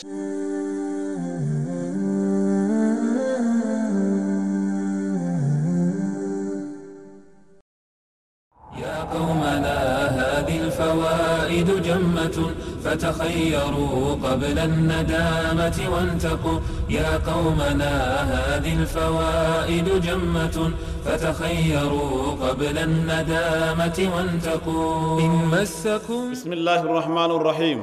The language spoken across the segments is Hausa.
يا قومنا هذه الفوائد جمة فتخيروا قبل الندامة وانتقوا يا قومنا هذه الفوائد جمة فتخيروا قبل الندامة وانتقوا إن مسكم بسم الله الرحمن الرحيم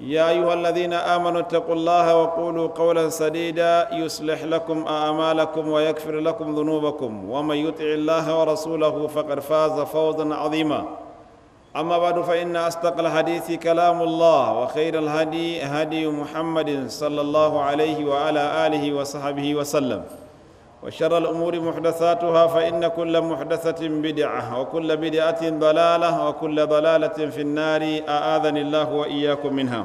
يا ايها الذين امنوا اتقوا الله وقولوا قولا سديدا يصلح لكم اعمالكم ويغفر لكم ذنوبكم ومن يطع الله ورسوله فقد فاز فوزا عظيما اما بعد فان اصدق الحديث كلام الله وخير الهدي هدي محمد صلى الله عليه وعلى اله وصحبه وسلم وشر الأمور محدثاتها فإن كل محدثة بدعة وكل بدعة ضلالة وكل ضلالة في النار أآذني الله وإياكم منها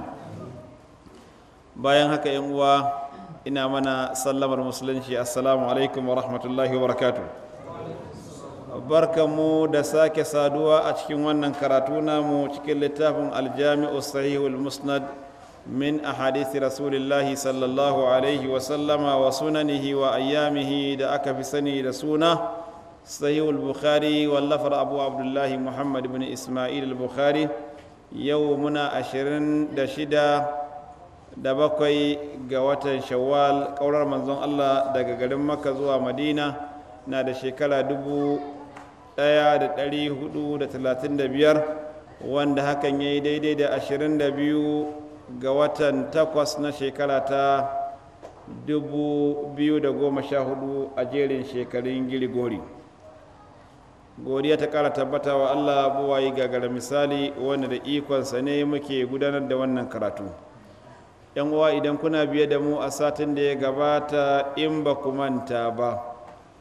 bayan haka yan uwa ina mana sallamar musulunci assalamu alaikum wa rahmatullahi wa barakatu barkamu da sake saduwa a cikin wannan karatuna mu cikin littafin aljami'u sahihul musnad من أحاديث رسول الله صلى الله عليه وسلم وسننه وأيامه دا أكا في سنه رسوله صحيح البخاري واللفر أبو عبد الله محمد بن إسماعيل البخاري يومنا أشرين دا شدا da bakwai ga watan shawwal ƙaurar manzon Allah daga garin Makka zuwa Madina na da shekara dubu ɗaya da ɗari hudu da talatin da biyar wanda hakan ya yi daidai da ashirin da biyu ga watan takwas na shekara ta 2014 a jerin shekarun girgori godiya ta kara tabbata wa allah buwayi gagara misali wanda da ikonsa ne muke gudanar da wannan karatu yan uwa idan kuna biye da mu a satin da ya gabata in ba ku manta ba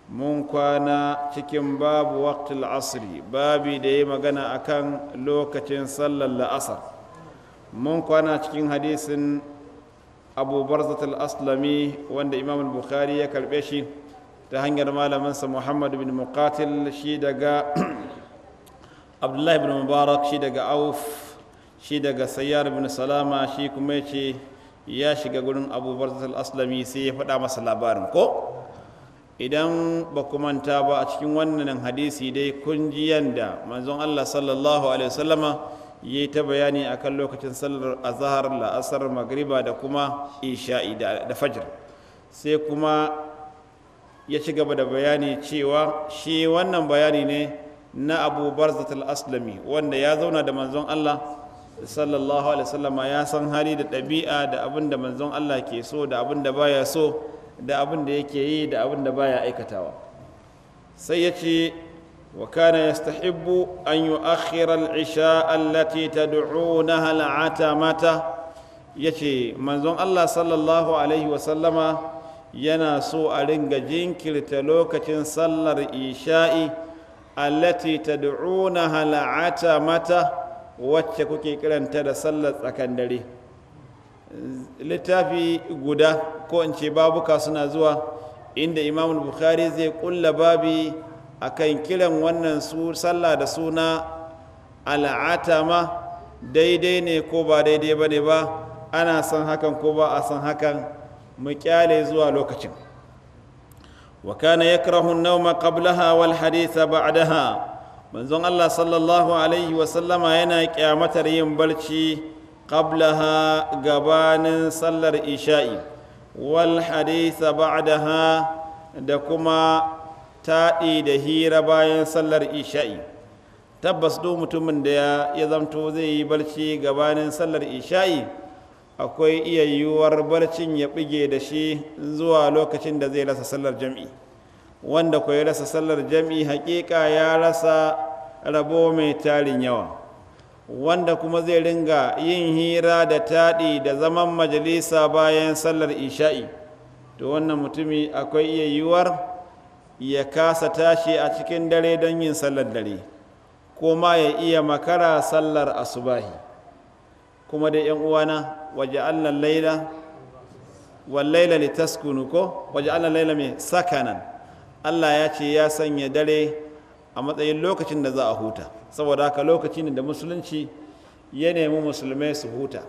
mun kwana cikin babu waqtul asri babi da ya magana akan lokacin sallar la'asar mun kwana cikin hadisin abu barzat aslami wanda imam al-bukhari ya karbe shi ta hanyar malamansa muhammad bin muqatil shi daga abdullahi bin mubarak shi daga auf shi daga sayyar bin salama shi kuma ya ce ya shiga gurin abu barzat aslami sai ya faɗa masa labarin ko idan ba ku manta ba a cikin wannan hadisi dai kun ji yanda manzon allah sallallahu alaihi wasallama yi ta bayani akan lokacin sallar azahar la'asar magriba da kuma isha'i da fajr sai kuma ya ci gaba da bayani cewa shi wannan bayani ne na abu barzatul aslami wanda ya zauna da manzon allah sallallahu alaihi wasallam ya san hali da ɗabi'a da abin da manzon allah ke so da abin da baya so da abin da yake yi da abin da baya aikatawa sai ya ce وكان يستحب أن يؤخر العشاء التي تدعونها العتمة يشي منزون الله صلى الله عليه وسلم yana so a ringa jinkirta lokacin sallar isha'i allati tad'una hal'ata mata wacce kuke karanta da sallar tsakandare. littafi guda ko in ce babuka suna zuwa inda imamul bukhari zai kulla babi akan kiran wannan su sallah da suna al'atama daidai ne ko ba daidai ba ne ba ana san hakan ko ba a san hakan mu kyale zuwa lokacin wa kana yakrahu an-nawma qablaha wal haditha ba'daha manzon Allah sallallahu alaihi wa sallama yana ƙyamatar yin barci qablaha gabanin sallar isha'i wal haditha ba'daha da kuma taɗi da hira bayan sallar isha'i tabbas duk mutumin da ya zamto zai yi barci gabanin sallar isha'i akwai iya yiwuwar barcin ya ɓige da shi zuwa lokacin da zai rasa sallar jam'i wanda ko ya rasa sallar jam'i hakika ya rasa rabo mai tarin yawa wanda kuma zai ringa yin hira da taɗi da zaman majalisa bayan sallar isha'i to wannan mutumi akwai iya yiwuwar ya kasa tashi a cikin dare don yin sallar dare kuma ya iya makara sallar asubahi kuma da yan uwana waje allan laila wallaila litaskunu ko waje allan laila mai sakanan allah ya ce ya sanya dare a matsayin lokacin da za a huta saboda haka lokacin da musulunci ya nemi musulmai su huta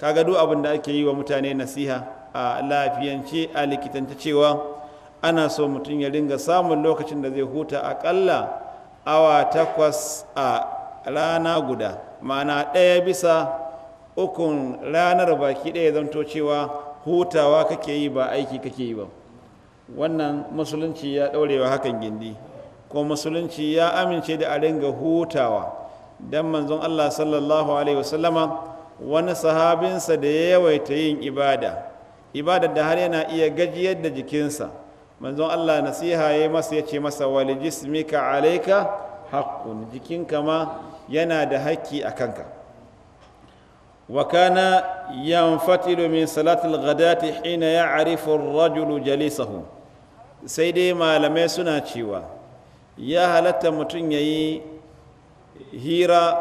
kaga duk abin da ake yi wa mutane nasiha a lafiyance a likitanta cewa ana so mutum ya ringa samun lokacin da zai huta aƙalla awa takwas a rana guda ma'ana ɗaya bisa ukun ranar baki ɗaya zanto cewa hutawa kake yi ba aiki kake yi ba wannan musulunci ya ɗaurewa hakan gindi ko musulunci ya amince da a ringa hutawa don manzon allah sallallahu alaihi wasallama wani sahabinsa da ya yawaita yin ibada ibada da har yana iya gajiyar da jikinsa manzon Allah nasiha ya masa ya ce masa wali jismika alaika haƙƙun jikinka ma yana da haƙƙi a kanka wakana yanfati yanfatilu min salatil ghadati hina ya'rifu ar-rajulu jalisahu sai dai malamai suna cewa ya halatta mutum yayi hira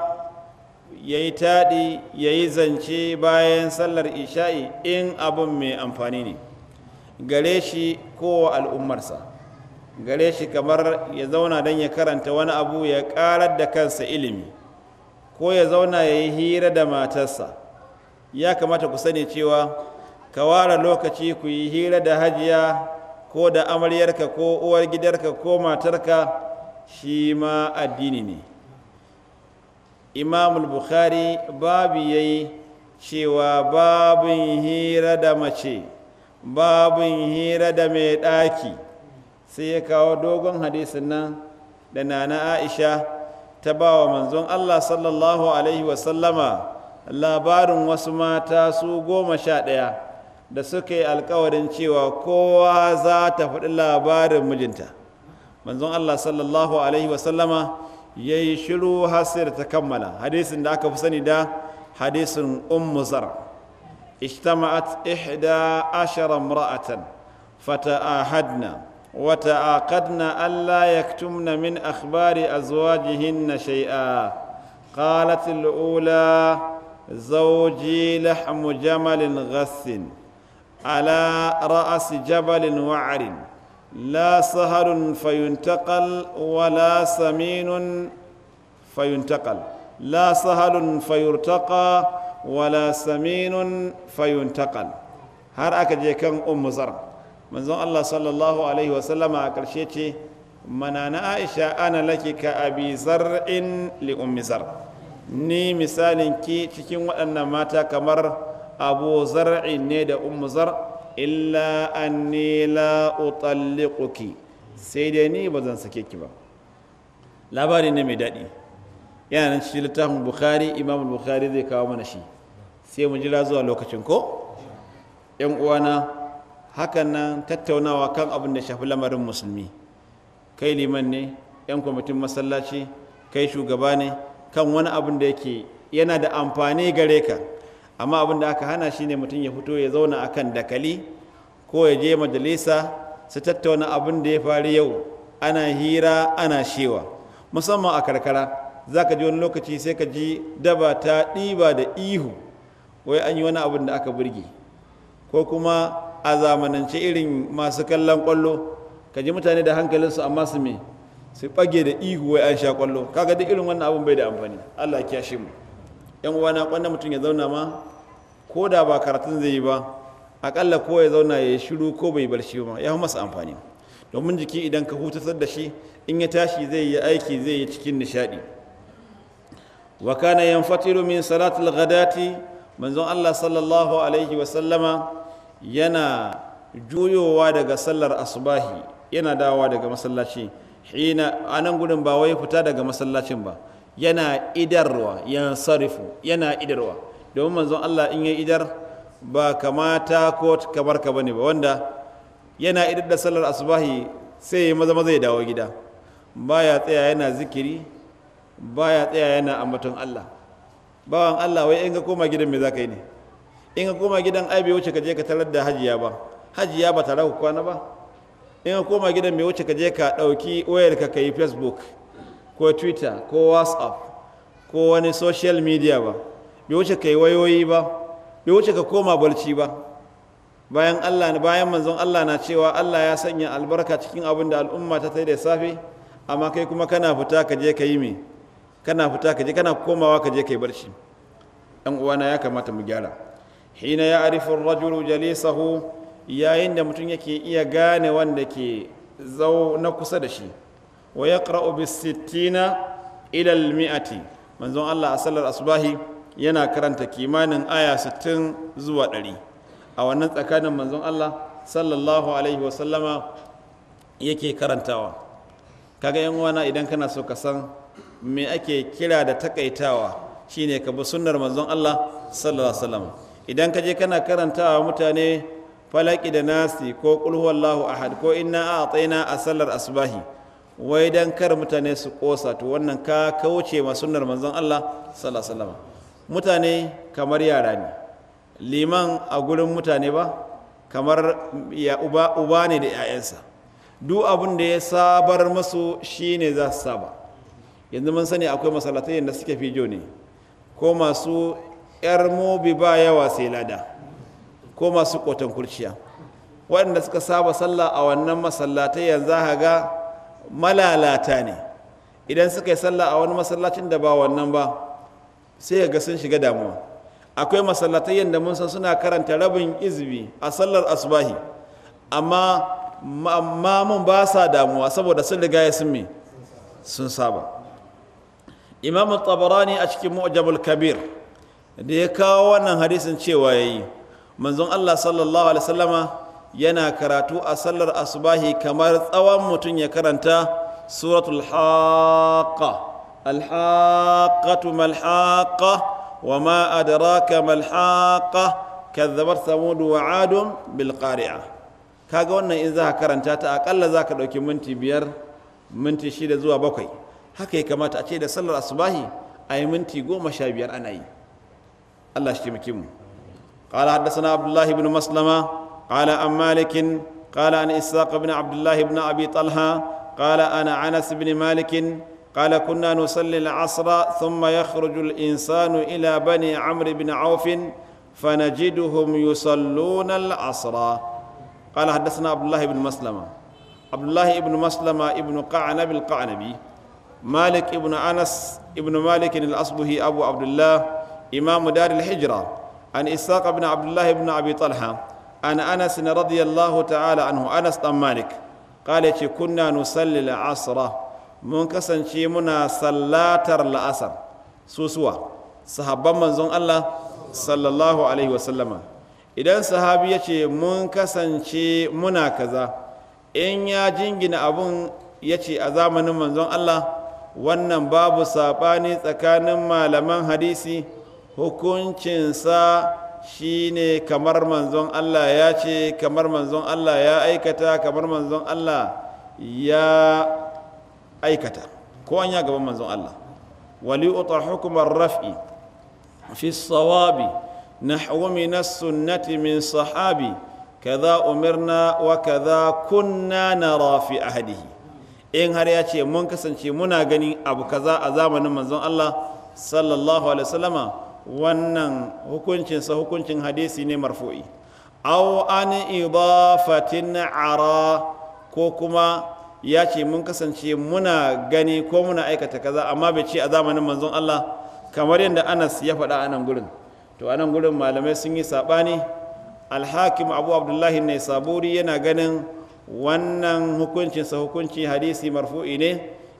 yayi taɗi yayi zance bayan sallar isha'i in abun mai amfani ne gare shi kowa al'ummarsa gare shi kamar ya zauna don ya karanta wani abu ya karar da kansa ilimi ko ya zauna ya yi hira da matarsa ya kamata ku sani cewa ka ware lokaci ku yi hira da hajiya ko da amaryarka ko uwar gidarka ko matarka shi ma addini ne imamul bukhari babu ya yi cewa babin hira da mace babin hira da mai ɗaki sai ya kawo dogon hadisin nan da nana aisha ta ba wa manzon allah sallallahu alaihi wasallama labarin wasu mata su goma sha ɗaya da suka yi alkawarin cewa kowa za ta faɗi labarin mijinta manzon allah sallallahu alaihi wasallama ya yi shiru har sai da ta kammala hadisin da aka fi sani da hadisin ummu zara اجتمعت إحدى عشر امرأة فتآهدنا وتعاقدن ألا يكتمن من أخبار أزواجهن شيئا قالت الأولى زوجي لحم جمل غث على رأس جبل وعر لا سهر فينتقل ولا سمين فينتقل لا سهل فيرتقى wala saminun fayuntakal har aka je kan ummu zar manzon Allah sallallahu alaihi wasallama a karshe ce mana na Aisha ana laki ka abi zar'in li ummi zar ni misalin ki cikin waɗannan mata kamar abu zar'i ne da ummu zar illa anni la utalliquki sai dai ni ba zan sake ki ba labari ne mai daɗi yana nan cikin littafin bukhari imamul bukhari zai kawo mana shi sai mu jira zuwa lokacin ko yan uwana hakan nan tattaunawa kan abin da shafi lamarin musulmi kai liman ne yan kwamitin masallaci kai shugaba ne kan wani abin da yake yana da amfani gare ka amma abin da aka hana shine mutum ya fito ya zauna akan dakali ko ya je majalisa su tattauna abin da ya faru yau ana hira ana shewa musamman a karkara za ka ji wani lokaci sai ka ji daba ta ɗiba da ihu wai an yi wani abin da aka burge ko kuma a zamanance irin masu kallon kwallo ka ji mutane da hankalinsu amma su me su bage da ihu wai an sha kwallo kaga duk irin wannan abin bai da amfani Allah ya kiyashe mu yan uwana kwanna mutum ya zauna ma ko da ba karatun zai yi ba akalla ko ya zauna ya shiru ko bai bar shi ba ya fi masa amfani domin jiki idan ka hutasar da shi in ya tashi zai yi aiki zai yi cikin nishadi wa kana yanfatiru min salatul ghadati manzon Allah sallallahu alaihi wasallama yana juyowa daga sallar asubahi yana dawowa daga masallaci hina a nan gudun ba wai fita daga masallacin ba yana idarwa yan sarifu yana idarwa domin manzon Allah in ya idar ba kamata ko kamar ka bane ba wanda yana idar da sallar asubahi sai ya maza maza ya dawo gida baya tsaya yana zikiri baya tsaya yana ambaton Allah bawan Allah wai in ka koma gidan me za ka yi ne in ka koma gidan ai bai wuce ka je ka tarar da hajiya ba hajiya ba tare ku kwana ba in ka koma gidan me wuce ka je ka ɗauki wayar ka ka yi facebook ko twitter ko whatsapp ko wani social media ba bai wuce ka yi wayoyi ba bai wuce ka koma barci ba bayan Allah bayan manzon Allah na cewa Allah ya sanya albarka cikin abin da al'umma ta tsaye da safe amma kai kuma kana fita ka je ka yi me kana fita ka je kana komawa ka je kai barci ɗan uwana ya kamata mu gyara hina ya arifu rajulu jalisahu yayin da mutum yake iya gane wanda ke zau na kusa da shi wa yaqra'u bis sittina ila mi'ati manzon Allah a sallar asubahi yana karanta kimanin aya 60 zuwa 100 a wannan tsakanin manzon Allah sallallahu alaihi wa sallama yake karantawa kaga yan uwana idan kana so ka san me ake kira da takaitawa shine ka bi sunnar manzon Allah sallallahu alaihi wasallam idan ka je kana karantawa mutane falaki da nasi ko qul huwallahu ahad ko inna a'tayna a sallar asbahi wai dan kar mutane su kosa to wannan ka kauce ma sunnar manzon Allah sallallahu alaihi wasallam mutane kamar yara ne liman a gurin mutane ba kamar ya uba uba ne da 'ya'yansa duk abin da ya sabar masu shine za su saba yanzu mun sani akwai masallatai da suke fijo ne ko masu yar mobi ba yawa sai lada ko masu kotan kurciya waɗanda suka saba sallah a wannan masallatai yanzu za ga malalata ne idan suka yi sallah a wani masallacin da ba wannan ba sai ga sun shiga damuwa akwai masallatai yadda mun san suna karanta rabin izbi a sallar asubahi amma mamun ba sa damuwa saboda sun riga ya sun me sun saba imam tabarani a cikin mu'jabul kabir da ya kawo wannan hadisin cewa yayi manzon Allah sallallahu alaihi wasallama yana karatu a sallar asubahi kamar tsawon mutum ya karanta suratul haqqa alhaqqatu malhaqqa wa ma adraka malhaqqa kazzabat thamud wa adun bil qari'a kaga wannan in za ka karanta ta akalla za ka ɗauki minti biyar minti shida zuwa bakwai haka ya kamata a ce da sallar asubahi a yi minti goma sha biyar ana yi Allah shi taimake mu قال حدثنا عبد الله بن مسلمة قال عن مالك قال عن إسحاق بن عبد الله بن أبي طلحة قال أنا أنس بن مالك قال كنا نصلي العصر ثم يخرج الإنسان إلى بني عمرو بن عوف فنجدهم يصلون العصر قال حدثنا عبد الله بن مسلمة عبد الله بن مسلمة ابن قعنب القعنبي malik ibn anas ibn malik asbuhi abu abdullah imam dar al-hijra an isaq ibn abdullah ibn abi talha an radiyallahu ta'ala anhu anas dan malik qala yace, kunna nusalli al-asra mun kasance muna sallatar la'asar susuwa sahabban manzon Allah sallallahu alaihi wasallama idan sahabi ya ce mun kasance muna kaza in ya jingina abun ya ce a zamanin manzon Allah wannan babu saɓani tsakanin malaman hadisi hukuncinsa shi ne kamar manzon Allah ya ce kamar manzon Allah ya aikata kamar manzon Allah ya aikata ko an ya gaban manzon Allah wali utar hukumar raf'i fi sawabi nahwu min sunnati min sahabi kaza umirna wa kaza kunna nara fi ahadihi in har ya ce mun kasance muna gani abu kaza a zamanin manzon Allah sallallahu alaihi wasallama wannan hukuncinsa hukuncin hadisi ne marfu'i aw an idafatin ara ko kuma ya ce mun kasance muna gani ko muna aikata kaza amma bai ce a zamanin manzon Allah kamar yadda Anas ya faɗa a nan gurin to a nan gurin malamai sun yi saɓani alhakim abu abdullahi ne saburi yana ganin wannan hukuncinsa hukunci hadisi marfu'i ne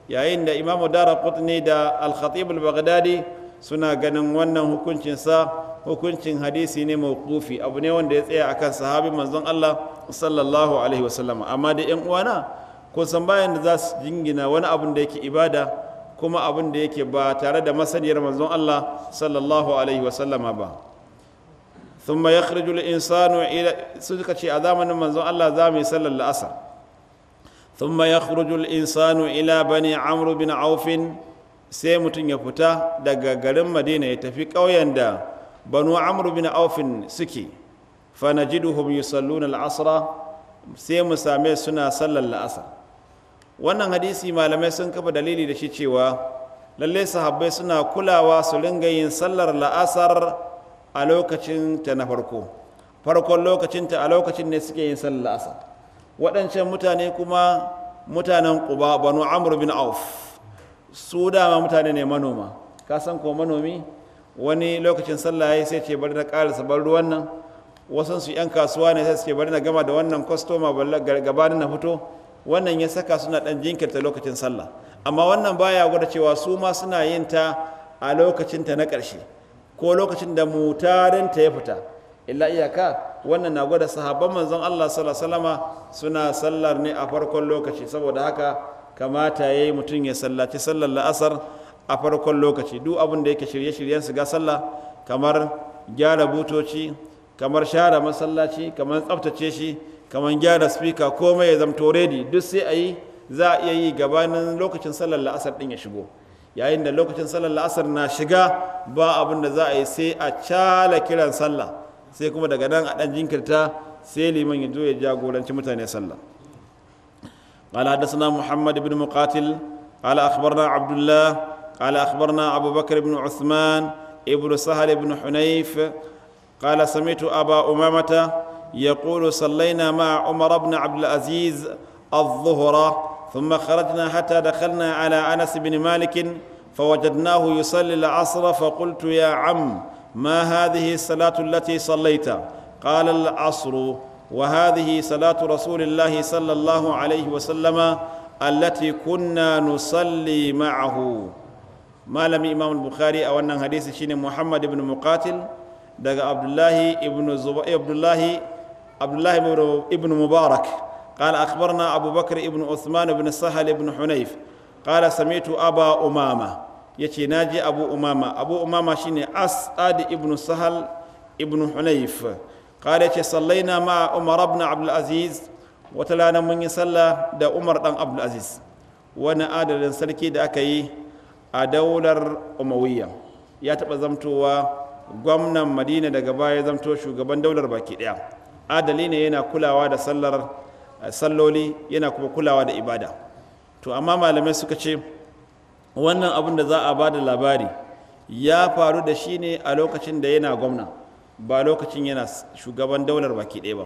yayin da imamu dara kutni da al-khatib suna ganin wannan hukuncinsa hukuncin hadisi ne mawqufi abu ne wanda ya tsaya akan sahabi manzon Allah sallallahu alaihi wasallam amma da yan uwana ko san bayan da za su jingina wani abun da yake ibada kuma abun da yake ba tare da masaniyar manzon Allah sallallahu alaihi wasallama ba sun ma ya khirjul insanu suka ce a zamanin manzon Allah za mu yi sallar la'asar sun ma ya khirjul insanu ila bani amru bin aufin sai mutum ya fita daga garin madina ya tafi ƙauyen da banu amru bin aufin suke fa najiduhum yusalluna al'asra sai mu same suna sallar la'asar wannan hadisi malamai sun kafa dalili da shi cewa lallai sahabbai suna kulawa su ringa yin sallar la'asar a lokacinta na farko farkon lokacinta a lokacin ne suke yin sallar asar waɗancan mutane kuma mutanen ƙuba banu amr bin auf su dama mutane ne manoma ka san ko manomi wani lokacin sallah sai ce bari na ƙarasa bar ruwan nan wasan su 'yan kasuwa ne sai suke bari na gama da wannan kwastoma gabanin na fito wannan ya saka suna ɗan jinkirta lokacin sallah amma wannan baya gwada cewa su ma suna yin ta a lokacinta na ƙarshe ko lokacin da mutarinta ya fita illa iyaka wannan na gwada sahabban manzon Allah sallallahu suna sallar ne a farkon lokaci saboda haka kamata yayi mutum ya sallaci sallar la'asar a farkon lokaci duk abin da yake shirye-shiryen su ga sallah kamar gyara butoci kamar share masallaci kamar tsaftace shi kamar gyara spika komai ya zamto ready duk sai a yi za a iya yi gabanin lokacin sallar la'asar din ya shigo yayin da lokacin sallar la'asar na shiga ba abin da za a yi sai a cala kiran sallah sai kuma daga nan a ɗan jinkirta sai liman ya zo ya jagoranci mutane sallah قال حدثنا محمد بن مقاتل قال أخبرنا عبد الله قال أخبرنا أبو بكر بن عثمان ابن سهل بن حنيف قال سمعت أبا أمامة يقول صلينا مع عمر بن عبد العزيز الظهر ثم خرجنا حتى دخلنا على انس بن مالك فوجدناه يصلي العصر فقلت يا عم ما هذه الصلاه التي صليت قال العصر وهذه صلاه رسول الله صلى الله عليه وسلم التي كنا نصلي معه ما لم امام البخاري او ان حديث شين محمد بن مقاتل دغ عبد الله ابن زبير عبد الله عبد الله ابن مبارك قال أخبرنا أبو بكر بن عثمان بن سهل بن حنيف قال سمعت أبا أمامة يتي ناجي أبو أمامة أبو أمامة شيني أسعد بن سهل بن حنيف قال يتي صلينا مع عمر بن عبد العزيز وتلانا من يصلى دا عمر بن عبد العزيز وانا آدل سلكي دا أكي أدولر أموية يتبقى زمتوا gwamnan madina daga baya zamto shugaban daular baki daya adali ne yana kulawa da sallar salloli yana kuma kulawa da ibada to amma malamai suka ce wannan abin da za a ba da labari ya faru da shi ne a lokacin da yana gwamna ba lokacin yana shugaban daular baki ɗaya ba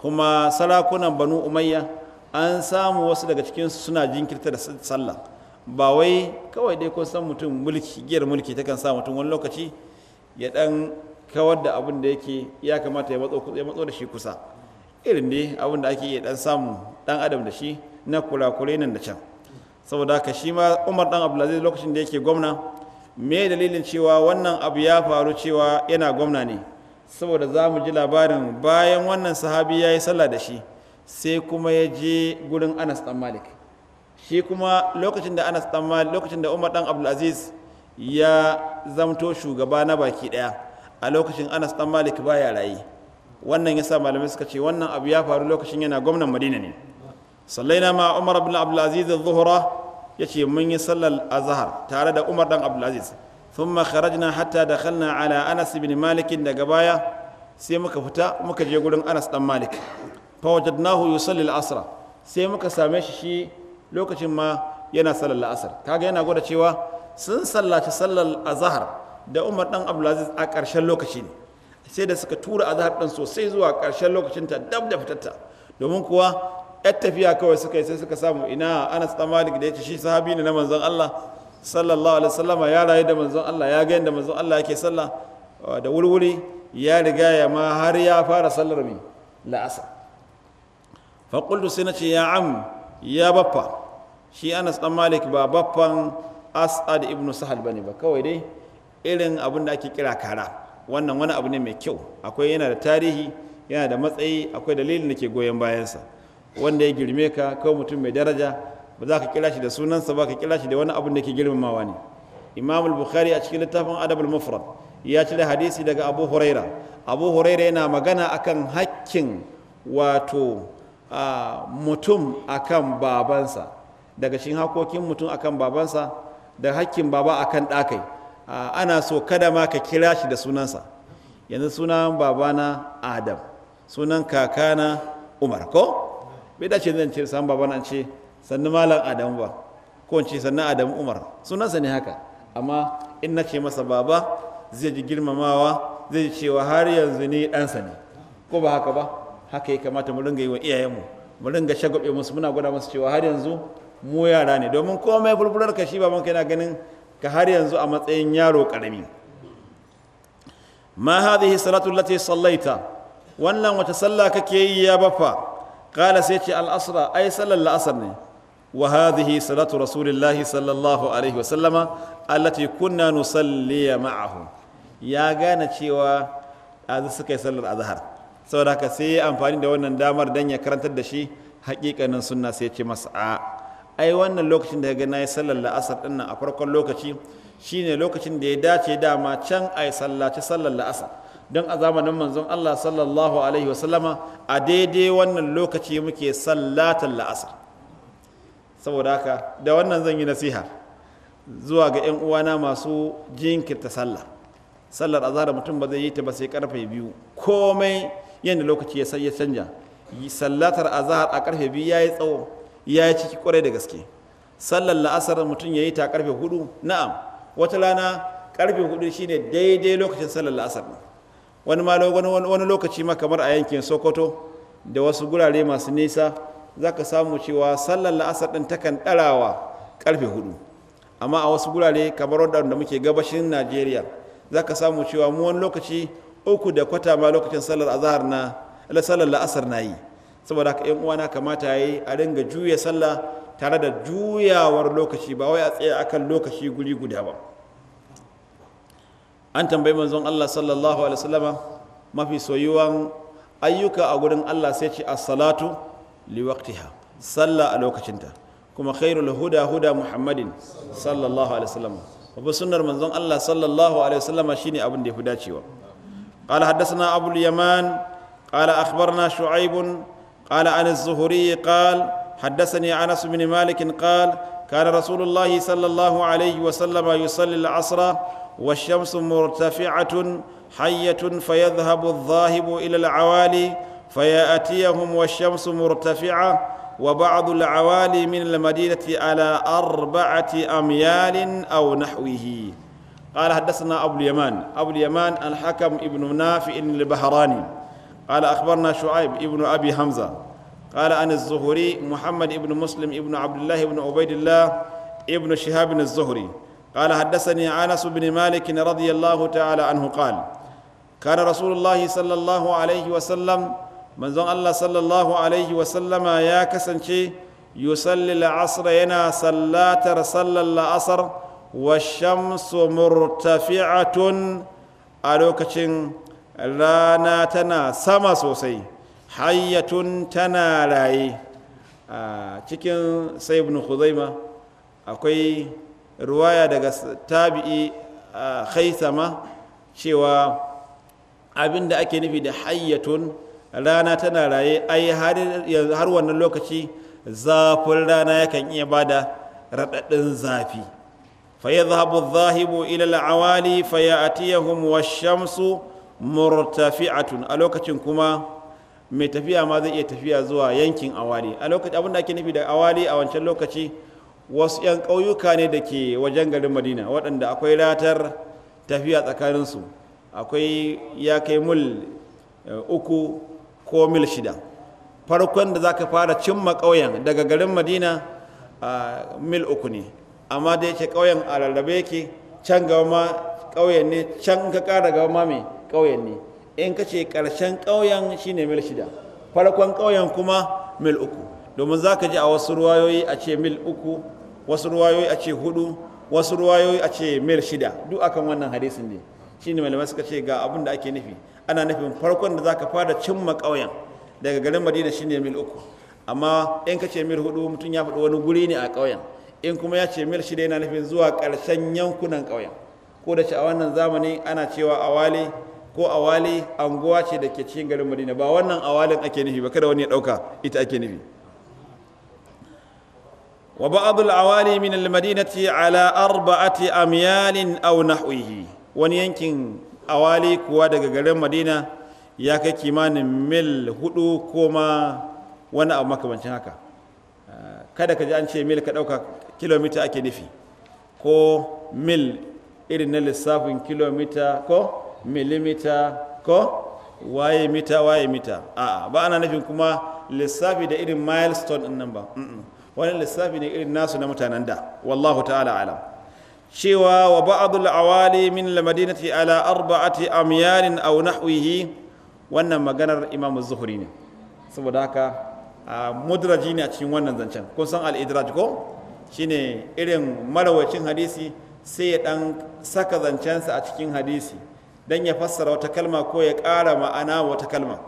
kuma sarakunan banu umayya an samu wasu daga cikinsu suna jinkirta da sallah ba wai kawai dai kun san mutum mulki giyar mulki takan sa mutum wani lokaci ya ɗan kawar da abin da yake ya kamata ya matso da shi kusa irin ne abin da ake iya dan samu dan adam da shi na kurakure nan da can saboda haka shi ma umar dan abdulaziz lokacin da yake gwamna me dalilin cewa wannan abu ya faru cewa yana gwamna ne saboda za mu ji labarin bayan wannan sahabi ya yi sallah da shi sai kuma ya je gurin anas dan malik shi kuma lokacin da anas dan malik lokacin da umar dan abdulaziz ya zamto shugaba na baki daya a lokacin anas dan malik baya raye wannan yasa malamai suka ce wannan abu ya faru lokacin yana gwamnan madina ne sallaina ma umar ibn Abdulaziz az-zuhra yace mun yi sallar azhar tare da umar dan abdul aziz thumma kharajna hatta dakhalna ala anas ibn malik daga baya sai muka fita muka je gurin anas dan malik fa wajadnahu yusalli al-asr sai muka same shi shi lokacin ma yana sallar al-asr kaga yana gwada cewa sun sallaci sallar azhar da umar dan Abdulaziz a ƙarshen lokaci ne sai da suka tura azhar din sosai zuwa ƙarshen lokacin ta dab da fitarta domin kuwa yar tafiya kawai suka yi sai suka samu ina Anas dan Malik da ce shi sahabi ne na manzon Allah sallallahu alaihi wasallam ya rayu da manzon Allah ya ga yadda manzon Allah yake sallah da wurwuri ya riga ya ma har ya fara sallar mi la'asa fa qultu sai nace ya am ya baffa shi Anas dan Malik ba baffan As'ad ibnu Sahal bane ba kawai dai irin abin da ake kira kara wannan wani abu ne mai kyau akwai yana da tarihi yana da matsayi akwai dalilin da ke goyon bayansa wanda ya girme ka kawai mutum mai daraja ba za ka kira shi da sunansa ba ka kira shi da wani abu da ke girmamawa ne imam al-bukhari a cikin littafin adab al-mufrad ya cire hadisi daga abu huraira abu huraira yana magana akan hakkin wato mutum akan babansa daga cikin hakokin mutum akan babansa da hakkin baba akan ɗakai Ah, ana so kada ma ka kira shi da sunansa yanzu sunan babana adam sunan kakana umar ko bai dace zan ce san babana ce sannu malam adam ba ko ce sannu adam umar sunansa ne haka amma in na ce masa baba zai ji girmamawa zai ji cewa har yanzu ne ɗansa ne ko ba haka ba haka ya kamata mu ringa yi wa iyayenmu mu ringa shagwabe musu muna gwada musu cewa har yanzu mu yara ne domin komai fulfular ka shi baban kai na ganin ka har yanzu a matsayin yaro ƙarami ma hadhihi salatu allati sallaita wannan wata sallah kake yi ya bafa qala sai ce al asra ai sallar la'asar ne wa hadhihi salatu rasulillahi sallallahu alaihi wa sallama allati kunna nusalli ma'ahu ya gane cewa azu suka yi sallar azhar saboda haka sai ya amfani da wannan damar dan ya karantar da shi hakikanin sunna sai ya ce masa ai wannan lokacin da ga na yi sallar la'asar ɗin nan a farkon lokaci shine lokacin da ya dace dama can a yi sallaci sallar la'asar don a zamanin manzon Allah sallallahu alaihi wasallama a daidai wannan lokaci muke sallatar la'asar saboda haka da wannan zan yi nasiha zuwa ga 'yan uwana masu jinkirta sallah sallar azhar mutum ba zai yi ta ba sai karfe biyu komai yadda lokaci ya canja sallatar azhar a karfe biyu ya yi tsawo ya yi ciki kwarai da gaske sallar la'asar mutum ya yi ta karfe hudu na'am wata rana karfe hudu shine daidai lokacin sallar la'asar wani ma wani lokaci ma kamar a yankin sokoto da wasu gurare masu nisa za ka samu cewa sallar la'asar din takan ɗarawa karfe hudu amma a wasu gurare kamar wadanda muke gabashin najeriya za ka samu cewa mu wani lokaci uku da kwata ma lokacin sallar sallar la'asar na yi saboda haka yan uwana kamata yayi a ringa juya sallah tare da juyawar lokaci ba wai a tsaya akan lokaci guri guda ba an tambayi manzon Allah sallallahu alaihi wasallama mafi soyuwan ayyuka a gurin Allah sai ce as-salatu li waqtiha sallah a lokacinta kuma khairul huda huda muhammadin sallallahu alaihi wasallam babu sunnar manzon Allah sallallahu alaihi wasallama shine abin da yafi dacewa قال حدثنا أبو اليمان قال أخبرنا شعيب قال عن الزهري قال حدثني انس بن مالك قال كان رسول الله صلى الله عليه وسلم يصلي العصر والشمس مرتفعه حيه فيذهب الظاهب الى العوالي فياتيهم والشمس مرتفعه وبعض العوالي من المدينة على أربعة أميال أو نحوه قال حدثنا أبو اليمان أبو اليمان الحكم ابن نافع البهراني قال أخبرنا شعيب ابن أبي حمزة قال عن الزهري محمد ابن مسلم ابن عبد الله ابن عبيد الله ابن شهاب الزهري قال حدثني أنس بن مالك رضي الله تعالى عنه قال كان رسول الله صلى الله عليه وسلم من زن الله صلى الله عليه وسلم يا كسنشي يصلي العصر ينا صلاة صلى العصر والشمس مرتفعة ألوكشن rana tana sama sosai hayyatun tana raye a cikin sai ibn khuzaima akwai ruwaya daga tabi'i haisama cewa abin da ake nufi da hayyatun rana tana raye ai har wannan lokaci zafin rana yakan iya bada raɗaɗin zafi fa yadhhabu dhahibu ila al-awali fa ya'tiyahum wash-shamsu murtafi'atun a lokacin kuma mai tafiya ma zai iya tafiya zuwa yankin awali a lokacin abin ake nufi da awali a wancan lokaci wasu 'yan ƙauyuka ne da ke wajen garin madina waɗanda akwai ratar tafiya tsakaninsu akwai ya kai mul eh, uku ko mil shida farkon da za ka fara cimma ƙauyen daga garin madina mil uku ne amma da yake ƙauyen a lallabe yake can gaba ma ƙauyen ne can ka ƙara gaba ma mai ƙauyen ne in ka ce ƙarshen ƙauyen shine mil shida farkon ƙauyen kuma mil uku domin za ka ji a wasu ruwayoyi a ce mil uku wasu ruwayoyi a ce hudu wasu ruwayoyi a ce mil shida duk akan wannan hadisin ne shine malamai suka ce ga abin da ake nufi ana nufin farkon da za ka fara cimma ƙauyen daga garin madina shine mil uku amma in ka ce mil hudu mutum ya faɗi wani guri ne a ƙauyen in kuma ya ce mil shida yana nufin zuwa ƙarshen yankunan ƙauyen ko da a wannan zamani ana cewa a wale ko awali anguwa ce da ke cikin garin madina ba wannan awalin ake nufi ba kada wani ya ɗauka ita ake nufi wa ba'd al-awali min al-madinati ala arba'ati amyal aw nahwihi wani yankin awali kuwa daga garin madina ya kai kimanin mil hudu ko ma wani abu makamancin haka kada ka ji an ce mil ka ɗauka kilomita ake nufi ko mil irin na lissafin kilomita ko milimita ko waye mita waye mita a'a ba ana nufin kuma lissafi da irin milestone din nan ba wani lissafi ne irin nasu na mutanen da wallahu ta'ala alam cewa wa ba'dul awali min almadinati ala arba'ati amyalin aw nahwihi wannan maganar imamu zuhuri ne saboda haka mudraji ne a cikin wannan zancen kun san al-idraj ko shine irin marawacin hadisi sai ya dan saka zancensa a cikin hadisi don ya fassara wata kalma ko ya ƙara ma'ana wata kalma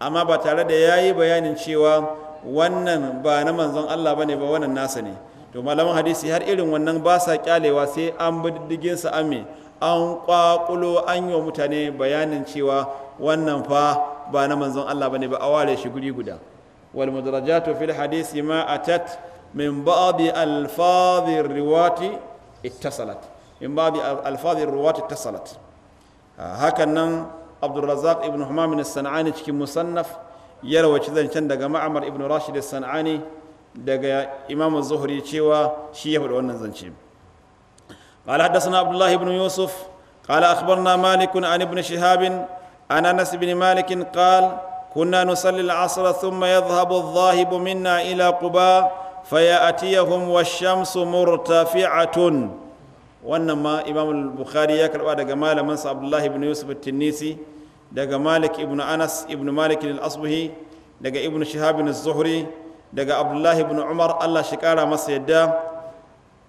amma ba tare da ya yi bayanin cewa wannan ba na manzon Allah ba ne ba wannan nasa ne to malaman hadisi har irin wannan ba sa kyalewa sai an bi diddigin sa ame an ƙwaƙulo an yi wa mutane bayanin cewa wannan fa ba na manzon Allah ba ne ba a ware shi guri guda wal mudarajatu fil hadisi ma atat min ba'di alfadhi riwati ittasalat min ba'di riwati ittasalat Ah, hakan nan abdulrazak ibn humamin sana'ani cikin musannaf ya rawaci zancen daga ma'amar ibn rashid sana'ani daga imam zuhri cewa shi ya faɗi wannan zance قال حدثنا عبد الله بن يوسف قال أخبرنا مالك عن ابن شهاب عن أنس بن مالك قال كنا نصلي العصر ثم يذهب الظاهب منا إلى قباء فيأتيهم والشمس مرتفعة wannan ma imam bukhari ya karba daga malamansa abdullahi ibn yusuf tinnisi daga malik ibn anas ibn malik al-asbuhi daga ibn shihab az-zuhri daga abdullahi ibn umar allah shi kara masa yadda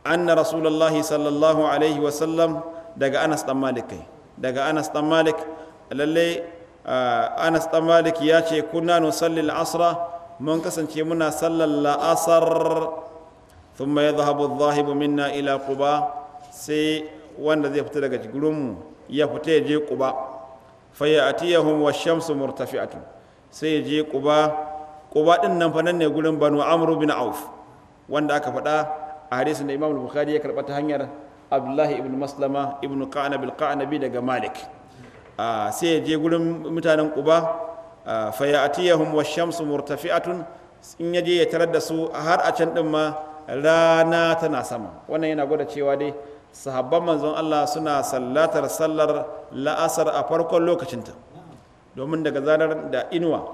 anna rasulullahi sallallahu alaihi wa sallam daga anas dan malik daga anas dan malik lalle ah, anas dan malik ya ce kunna nusalli al-asra mun kasance muna sallar la'asar thumma yadhhabu adh-dhahibu minna ila quba sai wanda zai fita daga gurinmu ya fita ya je ƙuba fayyatiyahum wa shamsu murtafi'atun sai ya je ƙuba ƙuba ɗin nan fa nan ne gurin banu amru bin auf wanda aka faɗa a hadisin da imam bukhari ya karɓa ta hanyar abdullahi ibn maslama ibn qanab al daga malik sai ya je gurin mutanen ƙuba fayyatiyahum wa shamsu murtafi'atun in ya je ya tarar da su har a can ɗin ma rana tana sama wannan yana gwada cewa dai sahabban manzon Allah suna sallatar sallar la'asar a farkon lokacinta domin daga zanar da inuwa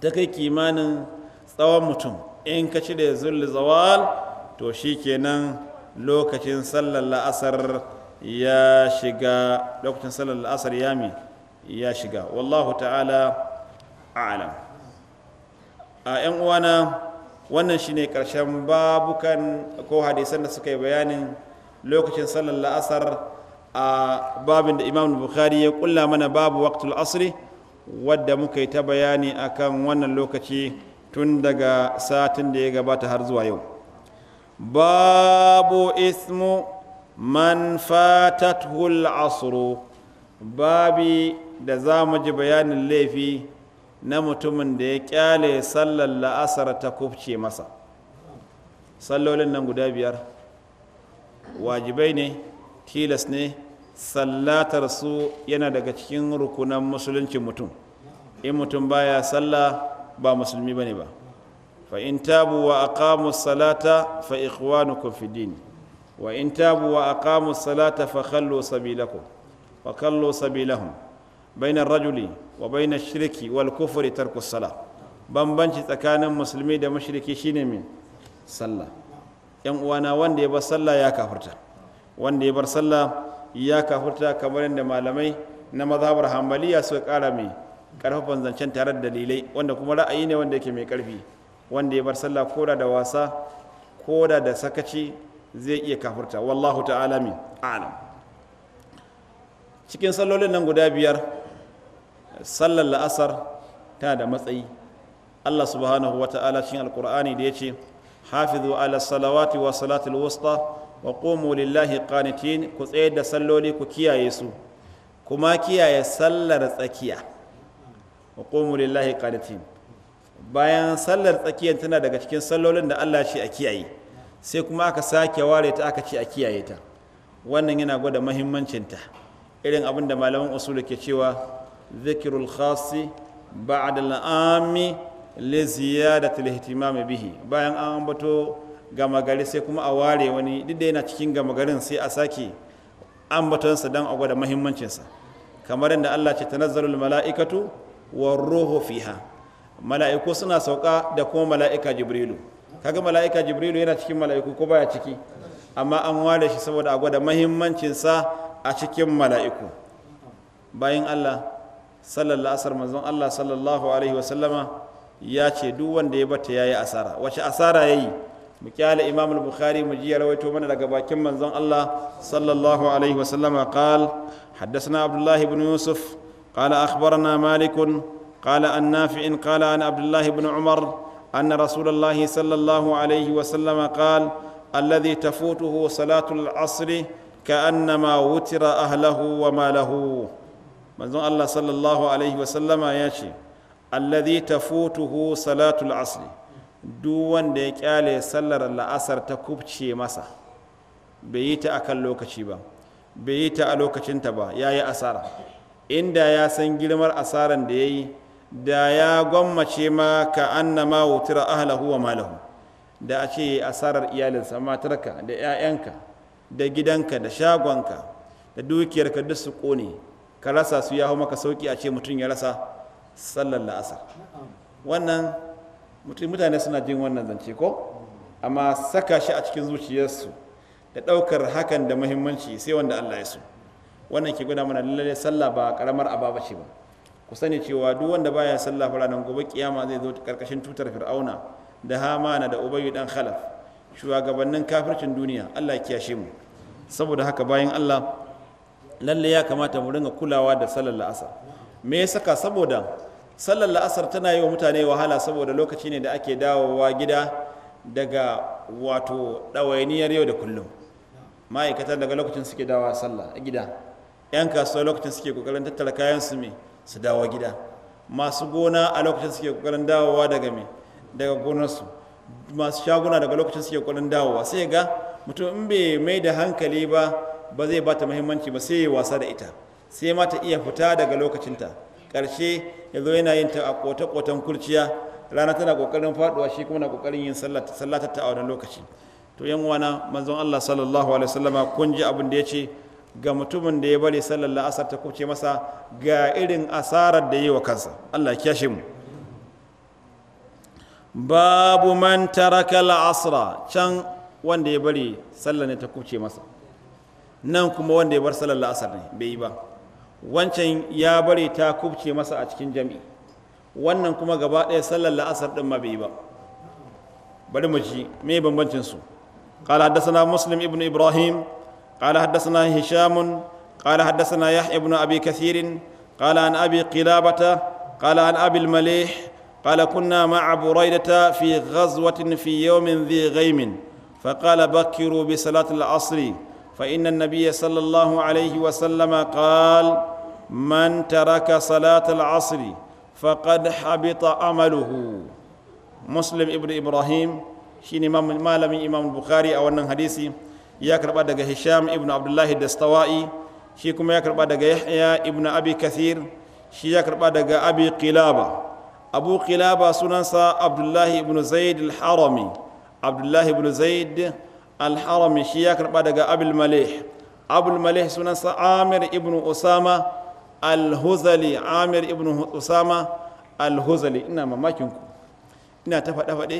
ta kai kimanin tsawon mutum in ka cire zulli zawal to shikenan lokacin sallar la'asar ya shiga lokacin sallar la'asar ya mi ya shiga wallahu ta'ala a'lam a 'yan uwana wannan shine karshen babukan ko hadisan da suka yi bayanin lokacin sallar la'asar a babin da imam bukhari ya kulla mana babu waqtul asri wadda muka yi ta bayani a kan wannan lokaci tun daga satin da ya gabata har zuwa yau babu ismu man hul al babi da za mu ji bayanin laifi na mutumin da ya kyale sallar la'asar ta kufce masa sallolin nan guda biyar wajibai ne tilas ne sallatar su yana daga cikin rukunan musulunci mutum in mutum baya sallah ba musulmi bane ba fa in tabu wa aqamu salata fa ikhwanukum fi din wa in tabu wa aqamu salata fa khallu sabilakum fa khallu sabilahum bayna ar-rajuli wa bayna ash-shirki wal kufri tarku as-salah bambanci tsakanin musulmi da mushriki shine min sallah yan uwana wanda ya bar sallah ya kafirta wanda ya bar sallah ya kafirta kamar yadda malamai na mazhabar hambaliya suka kara mai karfafan zancen tare da dalilai wanda kuma ra'ayi ne wanda yake mai karfi wanda ya bar sallah koda da wasa koda da sakaci zai iya kafirta wallahu ta'ala min a'lam cikin sallolin nan guda biyar sallar la'asar tana da matsayi allah subhanahu wa ta'ala cikin alkur'ani da ya ce hafizu ala salawati wa salatul wusta wa qumu lillahi qanitin ku tsayar da salloli ku kiyaye su kuma kiyaye sallar tsakiya wa qumu lillahi qanitin bayan sallar tsakiyar tana daga cikin sallolin da Allah shi a kiyaye sai kuma aka sake ware ta aka ce a kiyaye ta wannan yana gwada ta irin abin da malaman usulu ke cewa zikrul khasi ba'da al'ami li da mai bihi bayan an ambato gama gari sai kuma a ware wani duk da yana cikin gama garin sai a sake ambatonsa don a gwada mahimmancinsa kamar yadda Allah ce tanazzalul mala'ikatu war ruhu fiha mala'iku suna sauka da kuma mala'ika jibrilu kaga mala'ika jibrilu yana cikin mala'iku ko baya ciki amma an ware shi saboda a gwada mahimmancinsa a cikin mala'iku bayan Allah sallallahu alaihi ya ce duk wanda ya bata yayi asara wace asara yayi mu kyale imam al-bukhari mu ji rawaito mana daga bakin manzon Allah sallallahu alaihi wasallam qal haddathana abdullah ibn yusuf qala akhbarana malik qala an nafi'in qala an abdullah ibn umar أن رسول الله صلى الله عليه وسلم قال الذي تفوته صلاة العصر كأنما وتر أهله وماله من sallallahu alaihi الله عليه وسلم alladhi tafutuhu salatul asr duk wanda ya kyale sallar la'asar ta kubce masa bai yi ta akan lokaci ba bai yi ta a lokacinta ba ya yi asara inda ya san girmar asaran da ya yi da ya gwammace ma ka annama wutura ahlahu wa malahu da a ce asarar iyalinsa matarka da 'ya'yanka da gidanka da shagonka da dukiyarka duk su kone ka rasa su ya hau maka sauki a ce mutum ya rasa sallar la'asar wannan mutane suna jin wannan zance ko amma saka shi a cikin zuciyarsu da ɗaukar hakan da muhimmanci sai wanda Allah ya so wannan ke gwada mana lallai sallah ba karamar aba ba ce ba ku sani cewa duk wanda baya sallah fara ranar gobe kiyama zai zo karkashin tutar fir'auna da hamana da ubayyu dan khalaf shugabannin kafircin duniya Allah ya kiyashe mu saboda haka bayan Allah lalle ya kamata mu ringa kulawa da sallar la'asar me ya saka saboda sallar la'asar tana yi wa mutane wahala saboda lokaci ne da ake dawowa gida daga wato ɗawainiyar yau da kullum ma'aikata daga lokacin suke dawowa sallah a gida 'yan kasuwa lokacin suke kokarin tattara kayan su me su dawo gida masu gona a lokacin suke kokarin dawowa daga me daga gonarsu masu shaguna daga lokacin suke kokarin dawowa sai ga mutum in bai mai da hankali ba ba zai bata muhimmanci ba sai ya wasa da ita sai mata iya fita daga lokacinta ƙarshe ya zo yana yin ta a ƙote kurciya rana tana ƙoƙarin faɗuwa shi kuma na ƙoƙarin yin sallata ta a wannan lokaci to yan wana manzon Allah sallallahu alaihi wasallama kun ji abin da ya ce ga mutumin da ya bari sallar la'asar ta kuce masa ga irin asarar da yi wa kansa Allah ya kyashe mu babu man taraka la'asra can wanda ya bari sallar ne ta kuce masa nan kuma wanda ya bar sallar la'asar ne bai yi ba wancan ya bare ta kubce masa a cikin jami'i wannan kuma gaba ɗaya sallar la'asar ɗin ma bai ba bari mu ji me bambancin su قال حدثنا مسلم ابن إبراهيم قال حدثنا هشام قال حدثنا يحيى بن أبي كثير قال عن أبي قلابة قال عن أبي المليح قال كنا مع بريدة في غزوة في يوم ذي غيم فقال بكروا بصلاة العصر فإن النبي صلى الله عليه وسلم قال من ترك صلاة العصر فقد حبط عمله مسلم ابن إبراهيم شين إمام مالم إمام البخاري أو أن حديثي يكر بعد هشام ابن عبد الله الدستوائي شيكم يكر بعد يحيى ابن أبي كثير شي يكر بعد أبي قلابة أبو قلابة سننسى عبد الله بن زيد الحرمي عبد الله بن زيد alharami shi ya karba daga abul malih abul sunansa amir ibn usama alhuzali amir ibn usama alhuzali ina mamakin ku ina ta faɗe faɗe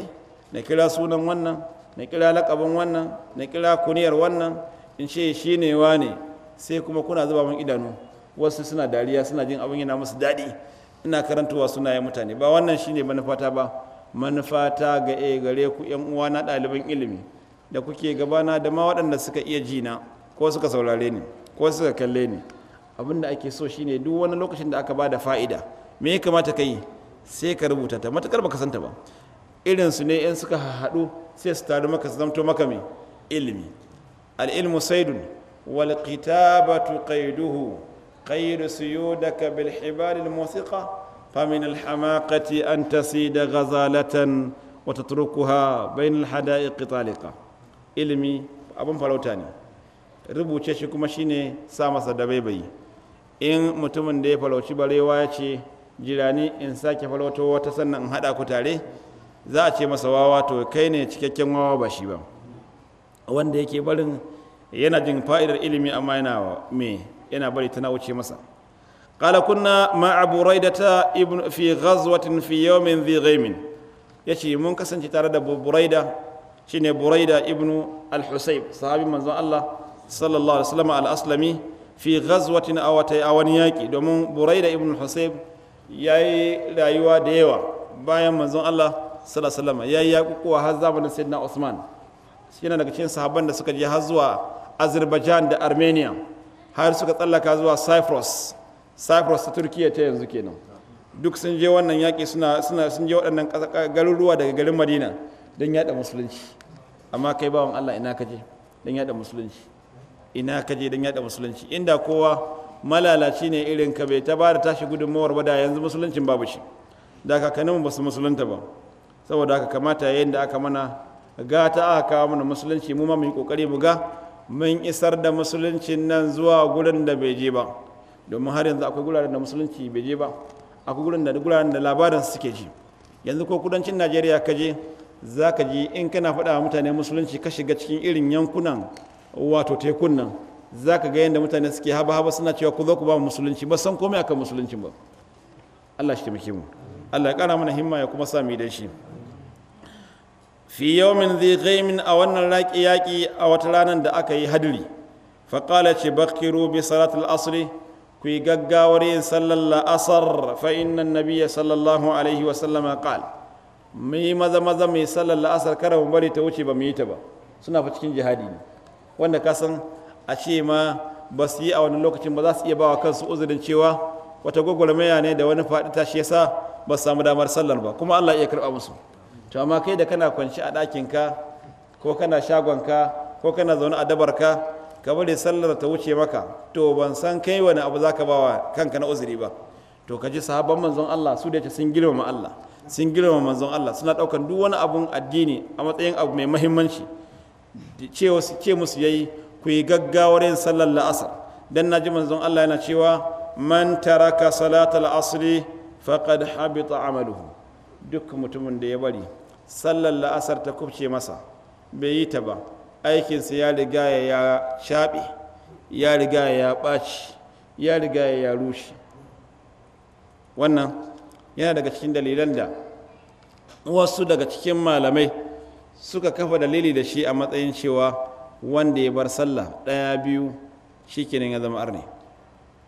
na kira sunan wannan na kira lakabin wannan na kira kuniyar wannan in ce shi ne wa ne sai kuma kuna zuba min idanu wasu suna dariya suna jin abin yana musu daɗi ina karantowa sunayen mutane ba wannan shine manufata ba manufata ga e gare ku yan uwa na ɗaliban ilimi da kuke gabana da ma waɗanda suka iya jina ko suka saurare ni ko suka kalle ni abin da ake so shine duk wani lokacin da aka ba da fa'ida me ya kamata ka yi sai ka rubuta ta matukar baka santa ba irin su ne in suka haɗu sai su taru maka su zamto maka mai ilimi al-ilmu saidun wal qitabatu qayduhu qaydu suyudaka bil hibal al musiqa فمن الحماقة أن تصيد غزالة وتتركها بين الحدائق طالقة ilimi abin farauta ne rubuce shi kuma shine sa masa da dabaibayi in mutumin da ya falauci barewa ya ce jirani in sake falauta wata sannan in haɗa ku tare za a ce masa wawa to kai ne cikakken wawa ba shi ba wanda yake barin yana jin fa'idar ilimi amma yana me yana bari tana wuce masa qala kunna ma'a buraidata ibn fi ghazwatin fi yawmin min ya yace mun kasance tare da buraida shine buraida ibnu al-husayb sahabin manzon Allah sallallahu alaihi wasallam al-aslami fi ghazwatin aw a wani yaki domin buraida ibnu al-husayb yayi rayuwa da yawa bayan manzon Allah sallallahu alaihi wasallam yayi yakuwa har zamanin sayyidina Usman yana daga cikin sahabban da suka je har zuwa Azerbaijan da Armenia har suka tsallaka zuwa Cyprus Cyprus ta Turkiya ta yanzu kenan duk sun je wannan yaƙi suna suna sun je waɗannan garuruwa daga garin Madina don yada musulunci amma kai bawan Allah ina kaje don yada musulunci ina kaje don yada musulunci inda kowa malalaci ne irin ka bai ta ba da tashi gudunmawar ba da yanzu musuluncin babu shi da kakanninmu ba su musulunta ba saboda haka kamata yayin da aka mana ga ta aka kawo mana musulunci mu ma mu yi kokari mu ga mun isar da musuluncin nan zuwa gurin da bai je ba domin har yanzu akwai guraren da musulunci bai je ba akwai gurin da guraren da labarin suke ji yanzu ko kudancin najeriya ka je za ka ji in kana faɗa wa mutane musulunci ka shiga cikin irin yankunan wato tekun nan za ka ga yadda mutane suke haba haba suna cewa ku zo ku ba mu musulunci ba san komai akan musulunci ba Allah shi taimake mu Allah ya kara mana himma ya kuma sa mu da shi fi yawmin dhi ghaimin a wannan raki yaki a wata ranar da aka yi hadiri fa qala ce bakiru bi salatul asr ku yi gaggawar yin sallar la'asar fa inna nabiyya sallallahu alaihi wa sallama qala mu yi maza maza mai sallar la'asar kara mu bari ta wuce ba mu yi ta ba suna fa cikin jihadi ne wanda ka san a ce ma ba su yi a wani lokacin ba za su iya ba wa kansu uzurin cewa wata gwagwarmaya ne da wani faɗi ta shi yasa ba su samu damar sallar ba kuma Allah iya karɓa musu to amma kai da kana kwanci a ɗakinka ko kana shagonka ko kana zaune a dabarka ka bari sallar ta wuce maka to ban san kai wani abu za ka ba wa kanka na uzuri ba to ka ji sahabban manzon Allah su da sun girmama Allah sun girma manzon Allah suna ɗaukan duk wani abun addini a matsayin abu mai mahimmanci cewa ce musu yayi ku yi gaggawar yin sallar la'asar dan naji manzon Allah yana cewa man taraka salatal asri faqad habita amaluhu duk mutumin da ya bari sallar la'asar ta kubce masa bai yi ta ba aikinsa ya riga ya shaɓe ya riga ya ɓaci ya riga ya rushe wannan yana daga cikin dalilan da wasu daga cikin malamai suka kafa dalili da shi a matsayin cewa wanda ya bar sallah ɗaya biyu shi kenan ya zama arne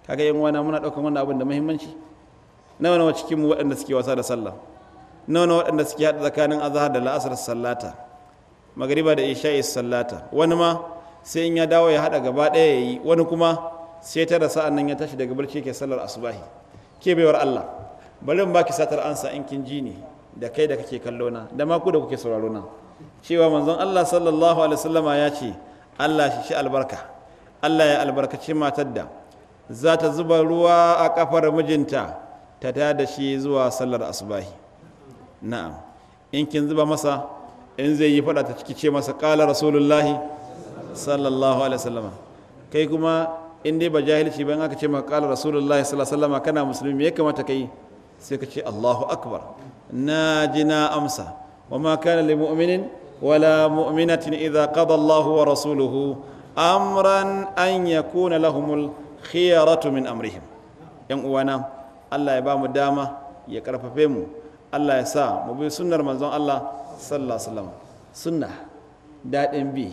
kaga yan wana muna ɗaukar wani abin da muhimmanci nawa nawa cikin mu waɗanda suke wasa da sallah nawa nawa waɗanda suke haɗa tsakanin azahar da la'asar sallata magariba da isha'i sallata wani ma sai in ya dawo ya haɗa gaba ɗaya ya yi wani kuma sai tara sa'an nan ya tashi daga barci yake sallar asubahi ke baiwar Allah bari in baki satar ansa in kin ji ni da kai da kake kallo na da ma ku da kuke sauraro na cewa manzon Allah sallallahu alaihi wasallama ya ce Allah shi shi albarka Allah ya albarkaci matar da za ta zuba ruwa a kafar mijinta ta tada shi zuwa sallar asubahi na'am in kin zuba masa in zai yi fada ta ciki ce masa qala rasulullah sallallahu alaihi wasallama kai kuma in dai ba jahilci ba in aka ce maka qala rasulullah sallallahu alaihi wasallama kana musulmi me ya kamata kai sai ka ce Allahu akbar na ji na amsa wa ma kana lil mu'minin wala mu'minatin idza qada Allahu wa rasuluhu amran an yakuna lahumul khiyaratu min amrihim yan uwana Allah ya ba mu dama ya karfafe mu Allah ya sa mu bi sunnar manzon Allah sallallahu alaihi wasallam sunna daɗin bi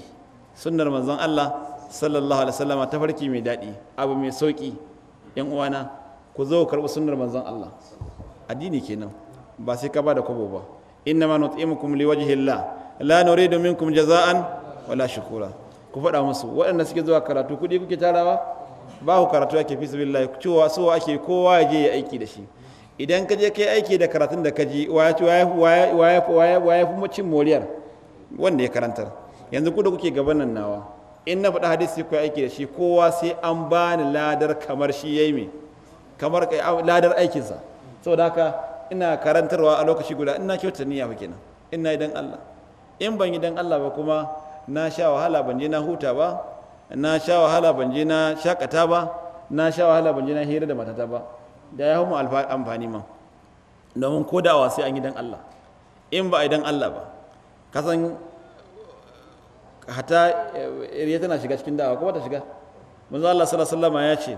sunnar manzon Allah sallallahu alaihi wasallam ta farki mai dadi abu mai sauki yan uwana ku zo karɓi sunnar manzon Allah addini kenan ba sai ka ba da kwabo ba inna ma nut'imukum liwajhillah la nuridu minkum jaza'an wala shukura ku faɗa musu waɗanda suke zuwa karatu kuɗi kuke tarawa ba ku karatu ake fi sabilillah cewa so ake kowa ya je ya aiki da shi idan ka je kai aiki da karatun da ka ji waya waya fi cin moriyar wanda ya karantar yanzu ku da kuke gaban nan nawa in na faɗa hadisi ku aiki da shi kowa sai an bani ladar kamar shi yayi me kamar ladar aikinsa saboda haka ina karantarwa a lokaci guda ina kyauta niyya kuke kenan ina yi Allah in ban yi dan Allah ba kuma na sha wahala ban je na huta ba na sha wahala ban je na shakata ba na sha wahala ban je na hira da matata ba da ya mu amfani ma domin ko da sai an yi dan Allah in ba a yi dan Allah ba kasan hata eh, riya tana shiga cikin da'awa kuma ta shiga manzo Allah sallallahu alaihi wasallam ya ce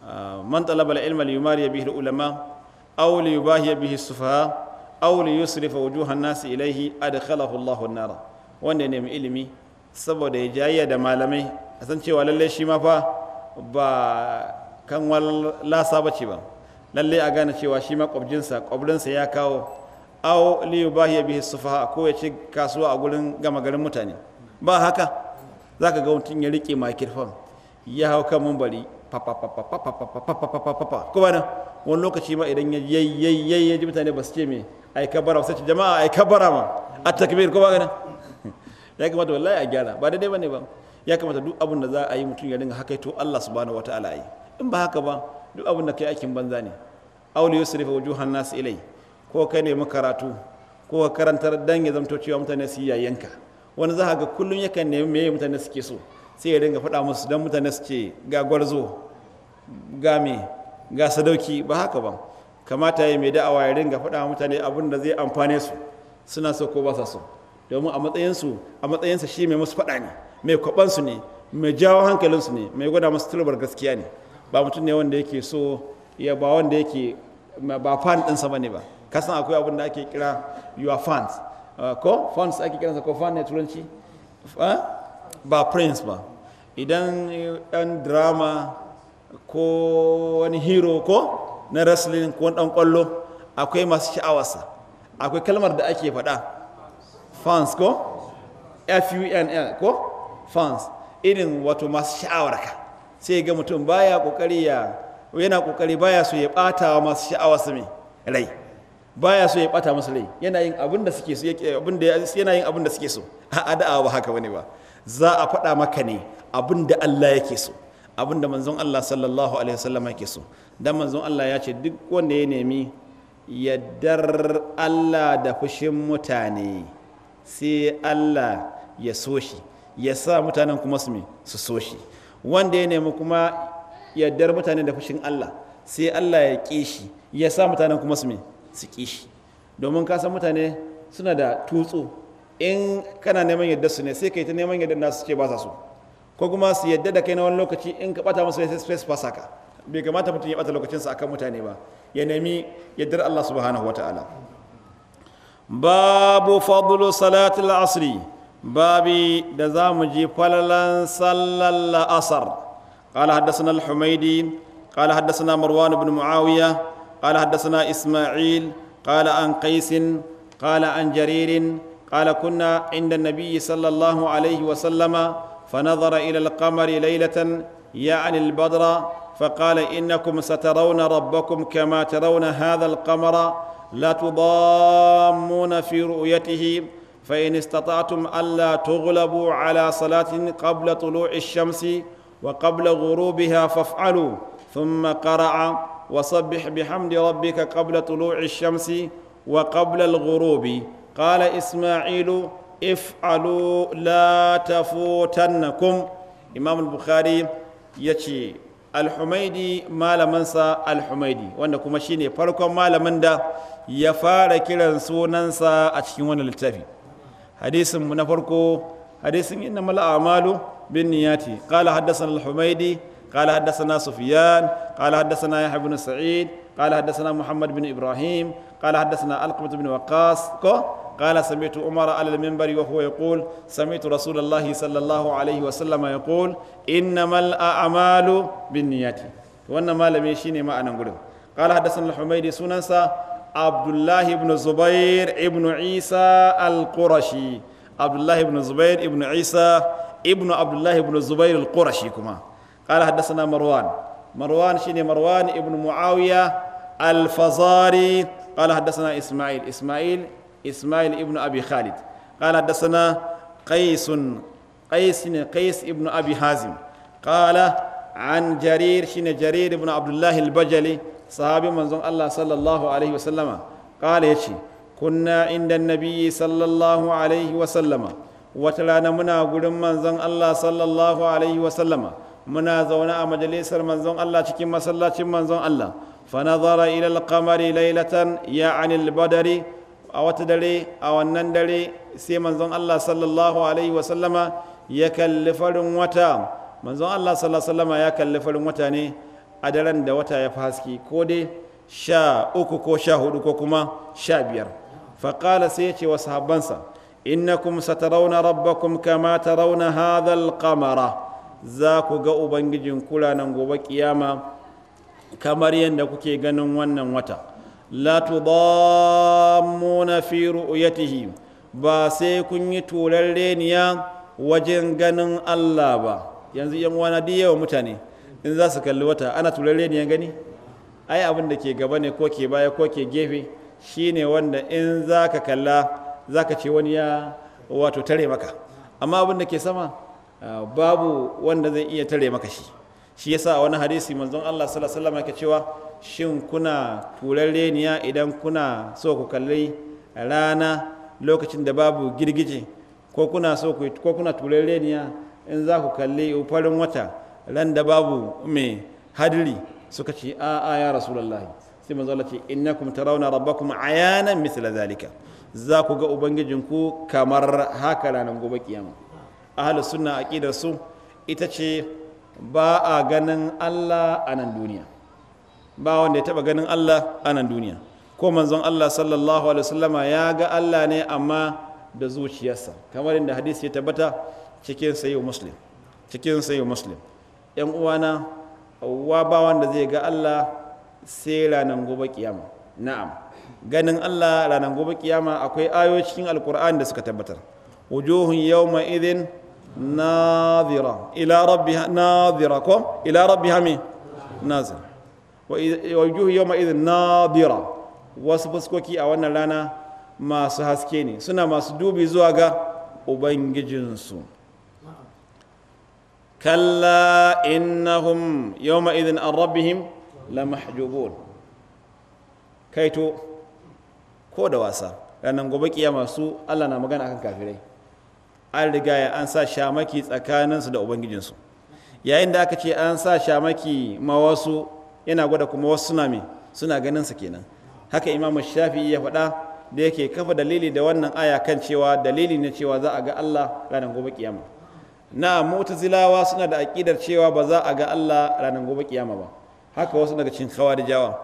ah, man talaba al-ilma li yumari bihi al-ulama aw li yubahiya bihi sufaha aw li yusrifa hannu su ilaihi adkhalahu Allahu an-nar wanda ya nemi ilimi saboda ya jayya da malamai a san cewa lalle shi ma fa ba kan lasa ce ba lalle a gane cewa shi ma kwabjinsa kwabrinsa ya kawo aw li yubahiya bihi sufaha ko ya ci kasuwa a gurin gama garin mutane ba haka zaka ga mutum ya rike makirfon ya hau kan mambari kowa nan wani lokaci ma idan ya yayyayi ya ji mutane ba su ce me ai kabara sai jama'a ai kabara ma a takbir kowa ganin ya kamata wallahi a gyara ba daidai bane ba ya kamata duk abin da za a yi mutum ya dinga haka to Allah subhanahu wataala yi in ba haka ba duk abin da kai aikin banza ne aw li yusrifa wujuhan nas ilai ko kai ne makaratu ko karantar dan ya zamto cewa mutane su yayanka wani za ga kullum yakan nemi me mutane suke so sai ya dinga faɗa musu don mutane su ce ga gwarzo ga me ga sadauki ba haka ba kamata ya mai da'awa ya dinga faɗa mutane abin da zai amfane su suna so ko ba sa so domin a matsayinsu a matsayinsa shi mai musu faɗa ne mai kwabansu ne mai jawo hankalinsu ne mai gwada musu tulbar gaskiya ne ba mutum ne wanda yake so ya ba wanda yake ba fan ɗinsa ba ne ba kasan akwai abin da ake kira your fans uh, ko fans ake kiransa ko fan ne turanci ah? ba prince ba idan ɗan drama ko wani hero ko na wrestling ko ɗan ƙwallo akwai masu sha'awarsa akwai kalmar da ake faɗa fans ko f-u-n-l ko fans irin wato masu sha'awarka sai ga mutum baya ƙoƙari ya yana ƙoƙari baya so ya ɓata masu sha'awarsa mai rai baya so ya bata musu rai yana yin abin da suke so yana yin abin da suke so a da'a ba haka wani ba za a faɗa maka ne abin da Allah yake so abin da manzon Allah sallallahu alaihi wasallam yake so dan manzon Allah ya ce duk wanda ya nemi yaddar Allah da fushin mutane sai Allah ya so shi ya sa mutanen kuma su su so shi wanda ya nemi kuma yaddar mutane da fushin Allah sai Allah ya ƙi shi ya sa mutanen kuma su su ƙi shi domin kasan mutane suna da tutso. in kana neman yadda su ne sai ka yi ta neman yadda nasu ce ba sa su ko kuma su yadda da kai na wani lokaci in ka bata musu sai space fasa ka bai kamata mutum ya bata lokacinsa akan mutane ba ya nemi yaddar Allah subhanahu wataala babu fadlu salatul asiri babi da za mu ji falalan sallar la'asar قال حدثنا الحميدي قال حدثنا مروان بن معاوية قال حدثنا إسماعيل قال عن قيس قال عن جرير قال كنا عند النبي صلى الله عليه وسلم فنظر الى القمر ليله يعني البدر فقال انكم سترون ربكم كما ترون هذا القمر لا تضامون في رؤيته فان استطعتم الا تغلبوا على صلاه قبل طلوع الشمس وقبل غروبها فافعلوا ثم قرع وسبح بحمد ربك قبل طلوع الشمس وقبل الغروب قال إسماعيل افعلوا لا تفوتنكم إمام البخاري يتشي alhumaidi malamansa alhumaidi wanda kuma shine farkon malamin da ya fara kiran sunansa a cikin wannan littafi hadisin mu na farko hadisin inna mal a'malu bin niyati qala haddathana alhumaidi qala haddathana sufyan qala haddathana yahya ibn sa'id qala haddathana muhammad bin ibrahim qala haddathana alqamah bin waqas قال سمعت عمر على المنبر وهو يقول سمعت رسول الله صلى الله عليه وسلم يقول إنما الأعمال بالنيات وأن ما لم يشيني ما أنا نقول قال حدثنا الحميدي سننسى عبد الله بن الزبير ابن عيسى القرشي عبد الله بن الزبير ابن عيسى ابن عبد الله بن الزبير القرشي كما قال حدثنا مروان مروان شيني مروان ابن معاوية الفزاري قال حدثنا إسماعيل إسماعيل إسماعيل ابن أبي خالد قال حدثنا قيس قيس قيس ابن أبي حازم قال عن جرير شن جرير بن عبد الله البجلي صحابي من الله صلى الله عليه وسلم قال يشي كنا عند النبي صلى الله عليه وسلم وتلانا منا قدم من الله صلى الله عليه وسلم muna zaune a majalisar manzon Allah cikin masallacin manzon Allah fa nazara ila al-qamari laylatan ya anil badari a wata dare a wannan dare sai manzon Allah sallallahu alaihi wasallama ya kalli farin wata manzon Allah sallallahu alaihi wasallama ya kalli farin wata ne a daren da wata ya fi haske ko dai sha uku ko sha hudu ko kuma sha biyar faƙala sai ya ce wa sahabbansa innakum satarauna rabbakum kama tarauna hadhal qamara za ku ga ubangijin kula nan gobe kiyama kamar yadda kuke ganin wannan wata la tudammuna fi ru'yatihi ba sai kun yi turarreniya wajen ganin Allah ba yanzu yan wana da yawa mutane in za su kalli wata ana reniya gani ai abin da ke gaba ne ko ke baya ko ke gefe shine wanda in za ka kalla za ka ce wani ya wato tare maka amma abin da ke sama babu wanda zai iya tare maka shi shi yasa a wani hadisi manzon Allah sallallahu alaihi wasallam yake cewa shin kuna niya idan kuna so ku kalli rana lokacin da babu girgije ko kuna so ku ko kuna niya in za ku kalli farin wata ran da babu mai hadiri suka ce a a ya rasulullahi sai manzo Allah ce innakum tarawna rabbakum ayanan misla zalika za ku ga ku kamar haka ranar gobe kiyama ahlus sunna aqidar su ita ce ba a ganin Allah a nan duniya ba wanda ya taba ganin Allah a nan duniya ko manzon Allah sallallahu alaihi wasallama ya ga Allah ne amma da zuciyarsa kamar inda hadisi ya tabbata cikin sayo muslim cikin muslim yan uwana wa ba wanda zai ga Allah sai ranan gobe kiyama na'am ganin Allah ranar gobe kiyama akwai ayoyi cikin alkur'ani da suka tabbatar wujuhun yawma idhin nadhira ila rabbiha nadhira ko ila rabbiha mi nazira wajuhu yau na nadira wasu fuskoki a wannan rana masu haske ne suna masu dubi zuwa ga ubangijinsu kalla innahum yau ma'izin an rabbihim la kaito ko da wasa ranar gobe kiyama su allah na magana akan kafirai an riga ya an sa shamaki tsakaninsu da ubangijinsu yayin da aka ce an sa shamaki ma wasu yana gwada kuma wasu suna mai suna ganin sa kenan haka imamu shafi ya faɗa da yake kafa dalili da wannan aya kan cewa dalili ne cewa za a ga Allah ranar gobe kiyama na mu'tazilawa suna da aƙidar cewa ba za a ga Allah ranar gobe kiyama ba haka wasu daga cikin khawarijawa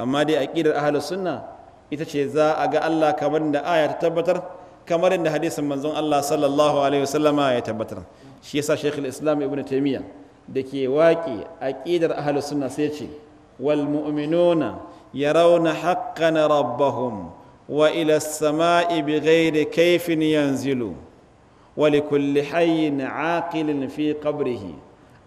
amma dai aƙidar ahlus sunna ita ce za a ga Allah kamar da aya ta tabbatar kamar da hadisin manzon Allah sallallahu alaihi wasallama ya tabbatar shi yasa Sheikh islam Ibn taimiyya da ke waƙe aƙidar ahlus sunna sai ce والمؤمنون يرون حقا ربهم والى السماء بغير كيف ينزل ولكل حي عاقل في قبره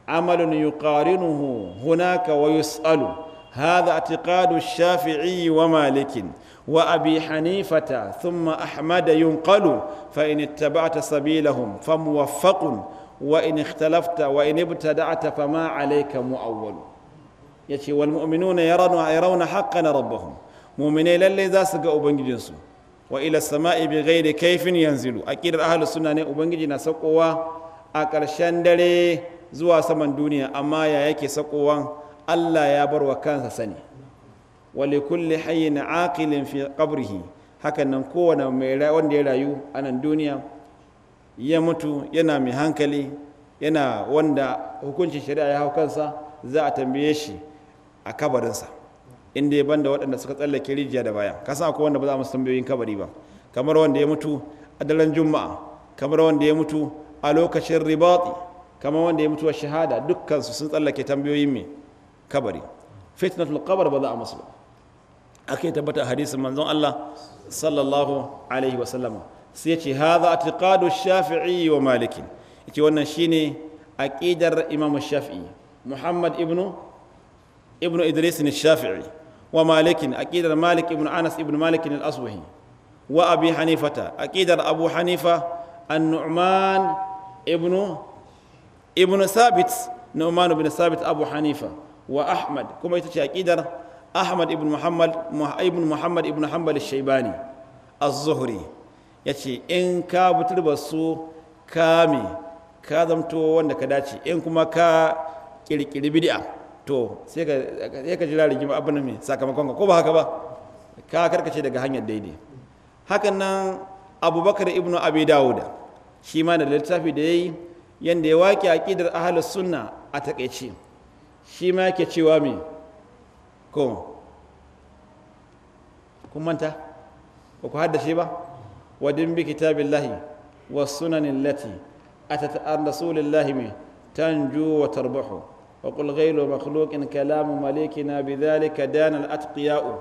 عمل يقارنه هناك ويسال هذا اعتقاد الشافعي ومالك وابي حنيفه ثم احمد ينقل فان اتبعت سبيلهم فموفق وان اختلفت وان ابتدعت فما عليك مؤول yace wal mu'minuna yarawna yarawna haqqan rabbahum mu'minai lalle za su ga ubangijinsu wa ila sama'i bi ghairi kayfin yanzilu aqidar ahlus sunna ne ubangiji na sakowa a karshen dare zuwa saman duniya amma ya yake sakowan Allah ya bar wa kansa sani wa likulli hayyin aqilin fi qabrihi hakan nan kowane mai wanda ya rayu a nan duniya ya mutu yana mai hankali yana wanda hukuncin shari'a ya hau kansa za a tambaye shi a kabarinsa inda ya banda waɗanda suka tsallake rijiya da baya ka san akwai wanda ba za mu tambayoyin kabari ba kamar wanda ya mutu a daren juma'a kamar wanda ya mutu a lokacin ribati kamar wanda ya mutu a shahada dukkan su sun tsallake tambayoyin me kabari fitnatul qabr ba za a musu ake tabbata hadisin manzon Allah sallallahu alaihi wa sallama sai yace hadha atiqadu shafi'i wa maliki yace wannan shine aqidar imam shafi'i muhammad ibnu ibnu idris shafi'i wa malikin aqidar malik ibnu anas ibnu malik al-asbahi wa abi hanifata aqidar abu hanifa an-nu'man ibnu ibnu sabit nu'man ibn sabit abu hanifa wa ahmad kuma ita ce aqidar ahmad ibn muhammad ibn muhammad ibn hanbal shaybani az-zuhri yace in ka buturba su kame ka zamto wanda ka dace in kuma ka kirkiri bid'a to sai ka jira rigima abin mai sakamakon ka ko ba haka ba ka karkace daga hanyar daidai hakan nan abubakar ibnu abi dawuda shi ma da littafi da yayi yadda ya wake aqidar ahlus sunna a taƙaice. shi ma yake cewa me ko kun manta ba ku haddace ba wadin bi kitabillahi was sunanin lati atat an rasulillahi tanju wa tarbahu وقل غير مخلوق إن كلام مليكنا بذلك دان الأتقياء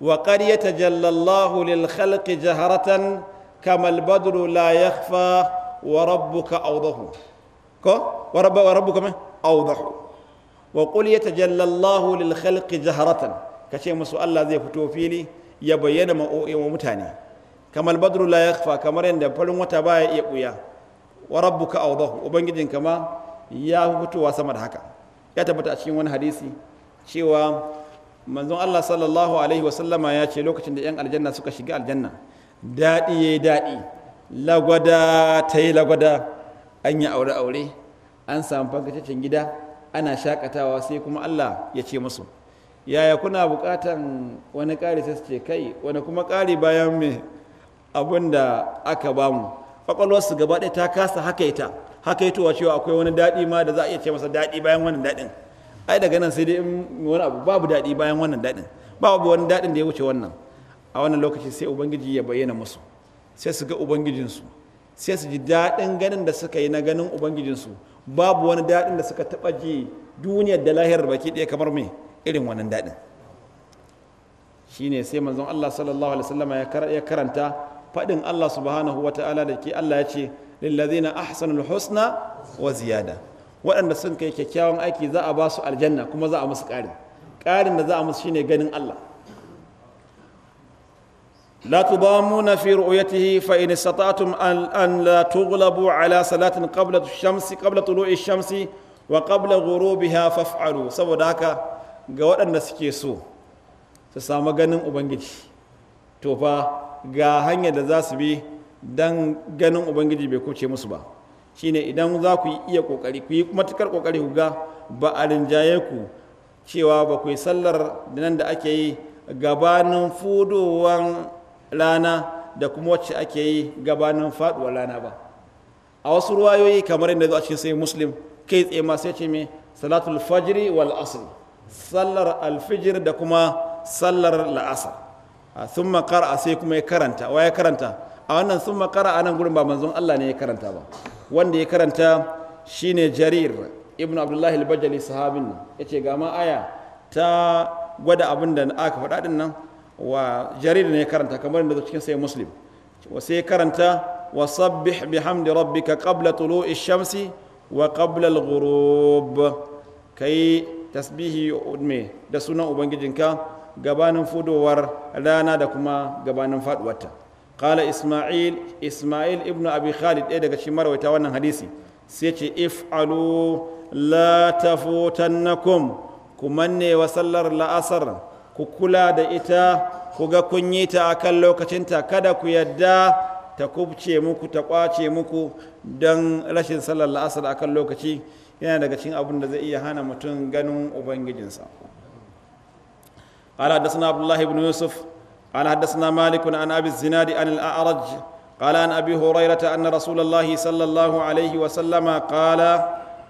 وقد يتجلى الله للخلق جهرة كما البدر لا يخفى وربك أوضح ورب وربك ما أوضح وقل يتجلى الله للخلق جهرة كشيء مسؤول الله ذي فتوفيلي يبين ما ومتاني كما البدر لا يخفى كما رين فلم وتباي يبويا wa rabbuka awdahu ubangijinka ma ya fitowa sama da haka ya tabbata a cikin wani hadisi cewa manzon Allah sallallahu alaihi wasallama ya ce lokacin da 'yan aljanna suka shiga aljanna daɗi ya yi daɗi lagwada ta yi lagwada an yi aure aure an samu fankacin gida ana shakatawa sai kuma Allah ya ce musu yaya kuna buƙatan wani ƙari sai su ce kai wani kuma ƙari bayan mai abin da aka bamu kwakwalwarsu gaba ɗaya ta kasa ita hakaita hakaitowa cewa akwai wani daɗi ma da za a iya ce masa daɗi bayan wannan daɗin ai daga nan sai dai in wani abu babu daɗi bayan wannan daɗin babu wani daɗin da ya wuce wannan a wannan lokaci sai ubangiji ya bayyana musu sai su ga ubangijinsu sai su ji daɗin ganin da suka yi na ganin ubangijinsu babu wani daɗin da suka taɓa ji duniyar da lahirar baki ɗaya kamar mai irin wannan daɗin shine sai manzon Allah sallallahu alaihi wasallama ya karanta faɗin Allah subhanahu wa ta'ala da ke Allah ya ce lillazina ahsanul husna wa ziyada waɗanda sun kai kyakkyawan aiki za a ba su aljanna kuma za a musu ƙarin ƙarin da za a musu shine ganin Allah لا تضامون في رؤيته فإن استطعتم أن لا تغلبوا على صلاة قبل الشمس قبل طلوع الشمس وقبل غروبها فافعلوا saboda haka ga waɗanda suke so su samu ganin ubangiji ga hanyar da za su bi don ganin ubangiji bai kuce musu ba shine idan za ku iya kokari ku yi matukar kokari ku ga ba a rinjaye ku cewa ba ku yi sallar da nan da ake yi gabanin fudowar rana da kuma wacce ake yi gabanin faduwar rana ba a wasu ruwayoyi kamar yadda zuwa cikin sai muslim kai tsaye masu yace mai salatul fajiri wal asr sallar alfijir da kuma sallar la'asar Ah, thumma qara'a sai kuma ya karanta wa ya karanta a wannan thumma a nan gurin ba manzon Allah ne ya karanta ba wanda ya karanta shine Jarir ibn Abdullah al-Bajali sahabin nan yace ga ma aya ta gwada abin da aka faɗa ɗin nan wa Jarir ne ya karanta kamar da cikin sai Muslim sai ya karanta wa sabbih bihamdi rabbika qabla tulu'i shamsi wa qabla al-ghurub kai tasbihi da sunan ubangijinka gabanin fudowar rana da kuma gabanin faduwarta qala isma'il isma'il ibnu abi khalid ɗaya daga cikin marwaita wannan hadisi sai ce if'alu la tafutannakum ku manne wa sallar la'asar ku kula da ita ku ga kun yi ta akan lokacinta kada ku yadda ta kubce muku ta kwace muku don rashin sallar la'asar akan lokaci yana daga cikin abin da zai iya hana mutum ganin ubangijinsa قال حدثنا عبد الله بن يوسف قال حدثنا مالك عن ابي الزناد عن الاعرج قال عن ابي هريره ان رسول الله صلى الله عليه وسلم قال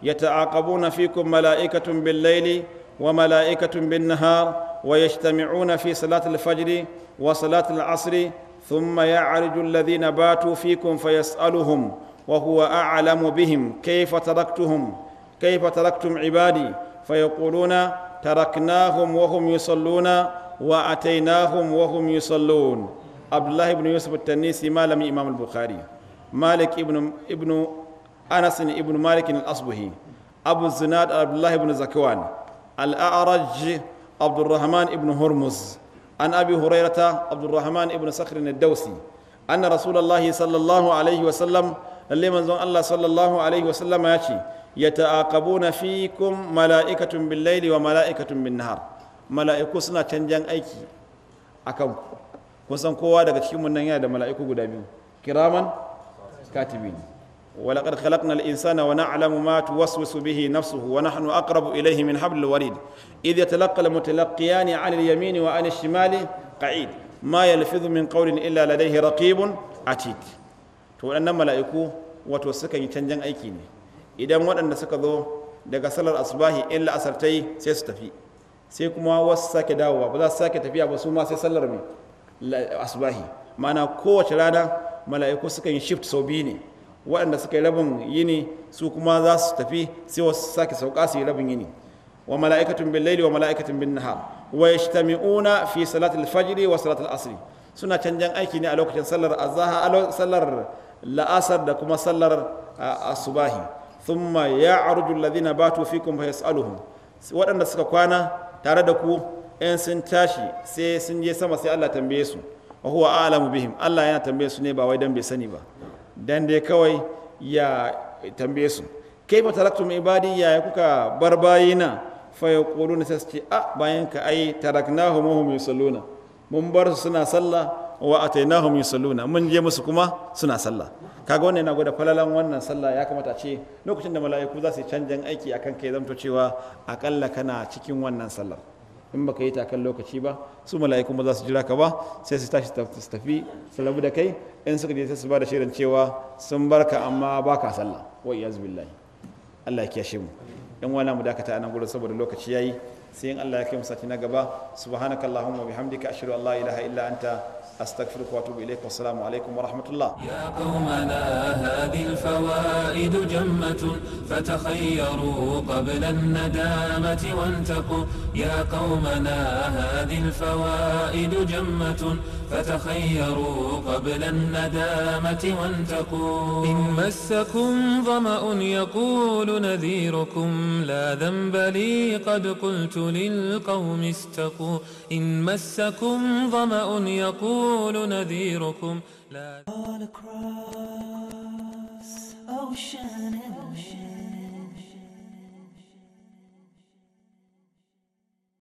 يتعاقبون فيكم ملائكه بالليل وملائكه بالنهار ويجتمعون في صلاه الفجر وصلاه العصر ثم يعرج الذين باتوا فيكم فيسالهم وهو اعلم بهم كيف تركتهم كيف تركتم عبادي فيقولون taraknahum wa hum yusalluna wa atainahum wa hum yusallun abdullah ibn yusuf at-tanisi malami imam al-bukhari malik ibn ibn anas ibn malik al-asbuhi abu zinad abdullah ibn zakwan al-a'raj ibn hurmuz an abi hurairata abdurrahman ibn sakhr ad-dawsi anna rasulullahi sallallahu alaihi wa sallam lalle manzon allah sallallahu alaihi wa sallama ya ce يتعاقبون فيكم ملائكة بالليل وملائكة بالنهار ملائكة سنة تنجان أيكي أكم كنسان قوة دا كتشيوم النهاية دا ملائكة قدابيو كراما كاتبين ولقد خلقنا الإنسان ونعلم ما توسوس به نفسه ونحن أقرب إليه من حبل الوريد إذ يتلقى المتلقيان عن اليمين وعن الشمال قعيد ما يلفظ من قول إلا لديه رقيب عتيد تقول أن ملائكة وتوسكا يتنجن أيكيني idan waɗanda suka zo daga salar asubahi in la'asar ta yi sai su tafi sai kuma wasu sake dawowa ba za su sake tafiya ba su ma sai sallar mai asubahi mana kowace rana mala'iku suka yi shift sau biyu ne waɗanda suka yi rabin yini su kuma za su tafi sai wasu sake sauka su yi rabin yini wa mala'ikatun bin laili wa mala'ikatun bin nahar wa yajtami'una fi salatul fajri wa salatul asri suna canjan aiki ne a lokacin sallar azzaha a sallar la'asar da kuma sallar asubahi thumma ya'ruju alladhina batu fikum fa yas'aluhum waɗanda suka kwana tare da ku in sun tashi sai sun je sama sai Allah tambaye su wa huwa a'lamu bihim Allah yana tambaye su ne ba wai dan bai sani ba dan dai kawai ya tambaye su kaifa taraktum ibadi ya kuka bar bayina fa yaquluna sai a ah, bayan ka ai taraknahum hum yusalluna mun bar su suna sallah wa atainahum yusalluna mun je musu kuma suna sallah kaga wannan yana gwada falalan wannan sallah ya kamata ce lokacin da mala'iku za su yi canjan aiki akan kai zamto cewa akalla kana cikin wannan sallar in baka yi ta kan lokaci ba su mala'iku ba za su jira ka ba sai su tashi su tafi su rabu da kai in suka je sai su ba da shirin cewa sun barka amma baka sallah wa iyaz billahi Allah ya kiyashe mu in wala mu dakata anan gurin saboda lokaci yayi sai in Allah ya kai mu sati na gaba subhanakallahumma wa bihamdika ashhadu an la ilaha illa anta أستغفرك وأتوب إليك والسلام عليكم ورحمة الله يا قومنا هذه الفوائد جمة فتخيروا قبل الندامة وانتقوا يا قومنا هذه الفوائد جمة فتخيروا قبل الندامة وانتقوا إن مسكم ظمأ يقول نذيركم لا ذنب لي قد قلت للقوم استقوا إن مسكم ظمأ يقول نذيركم لا All across ocean and ocean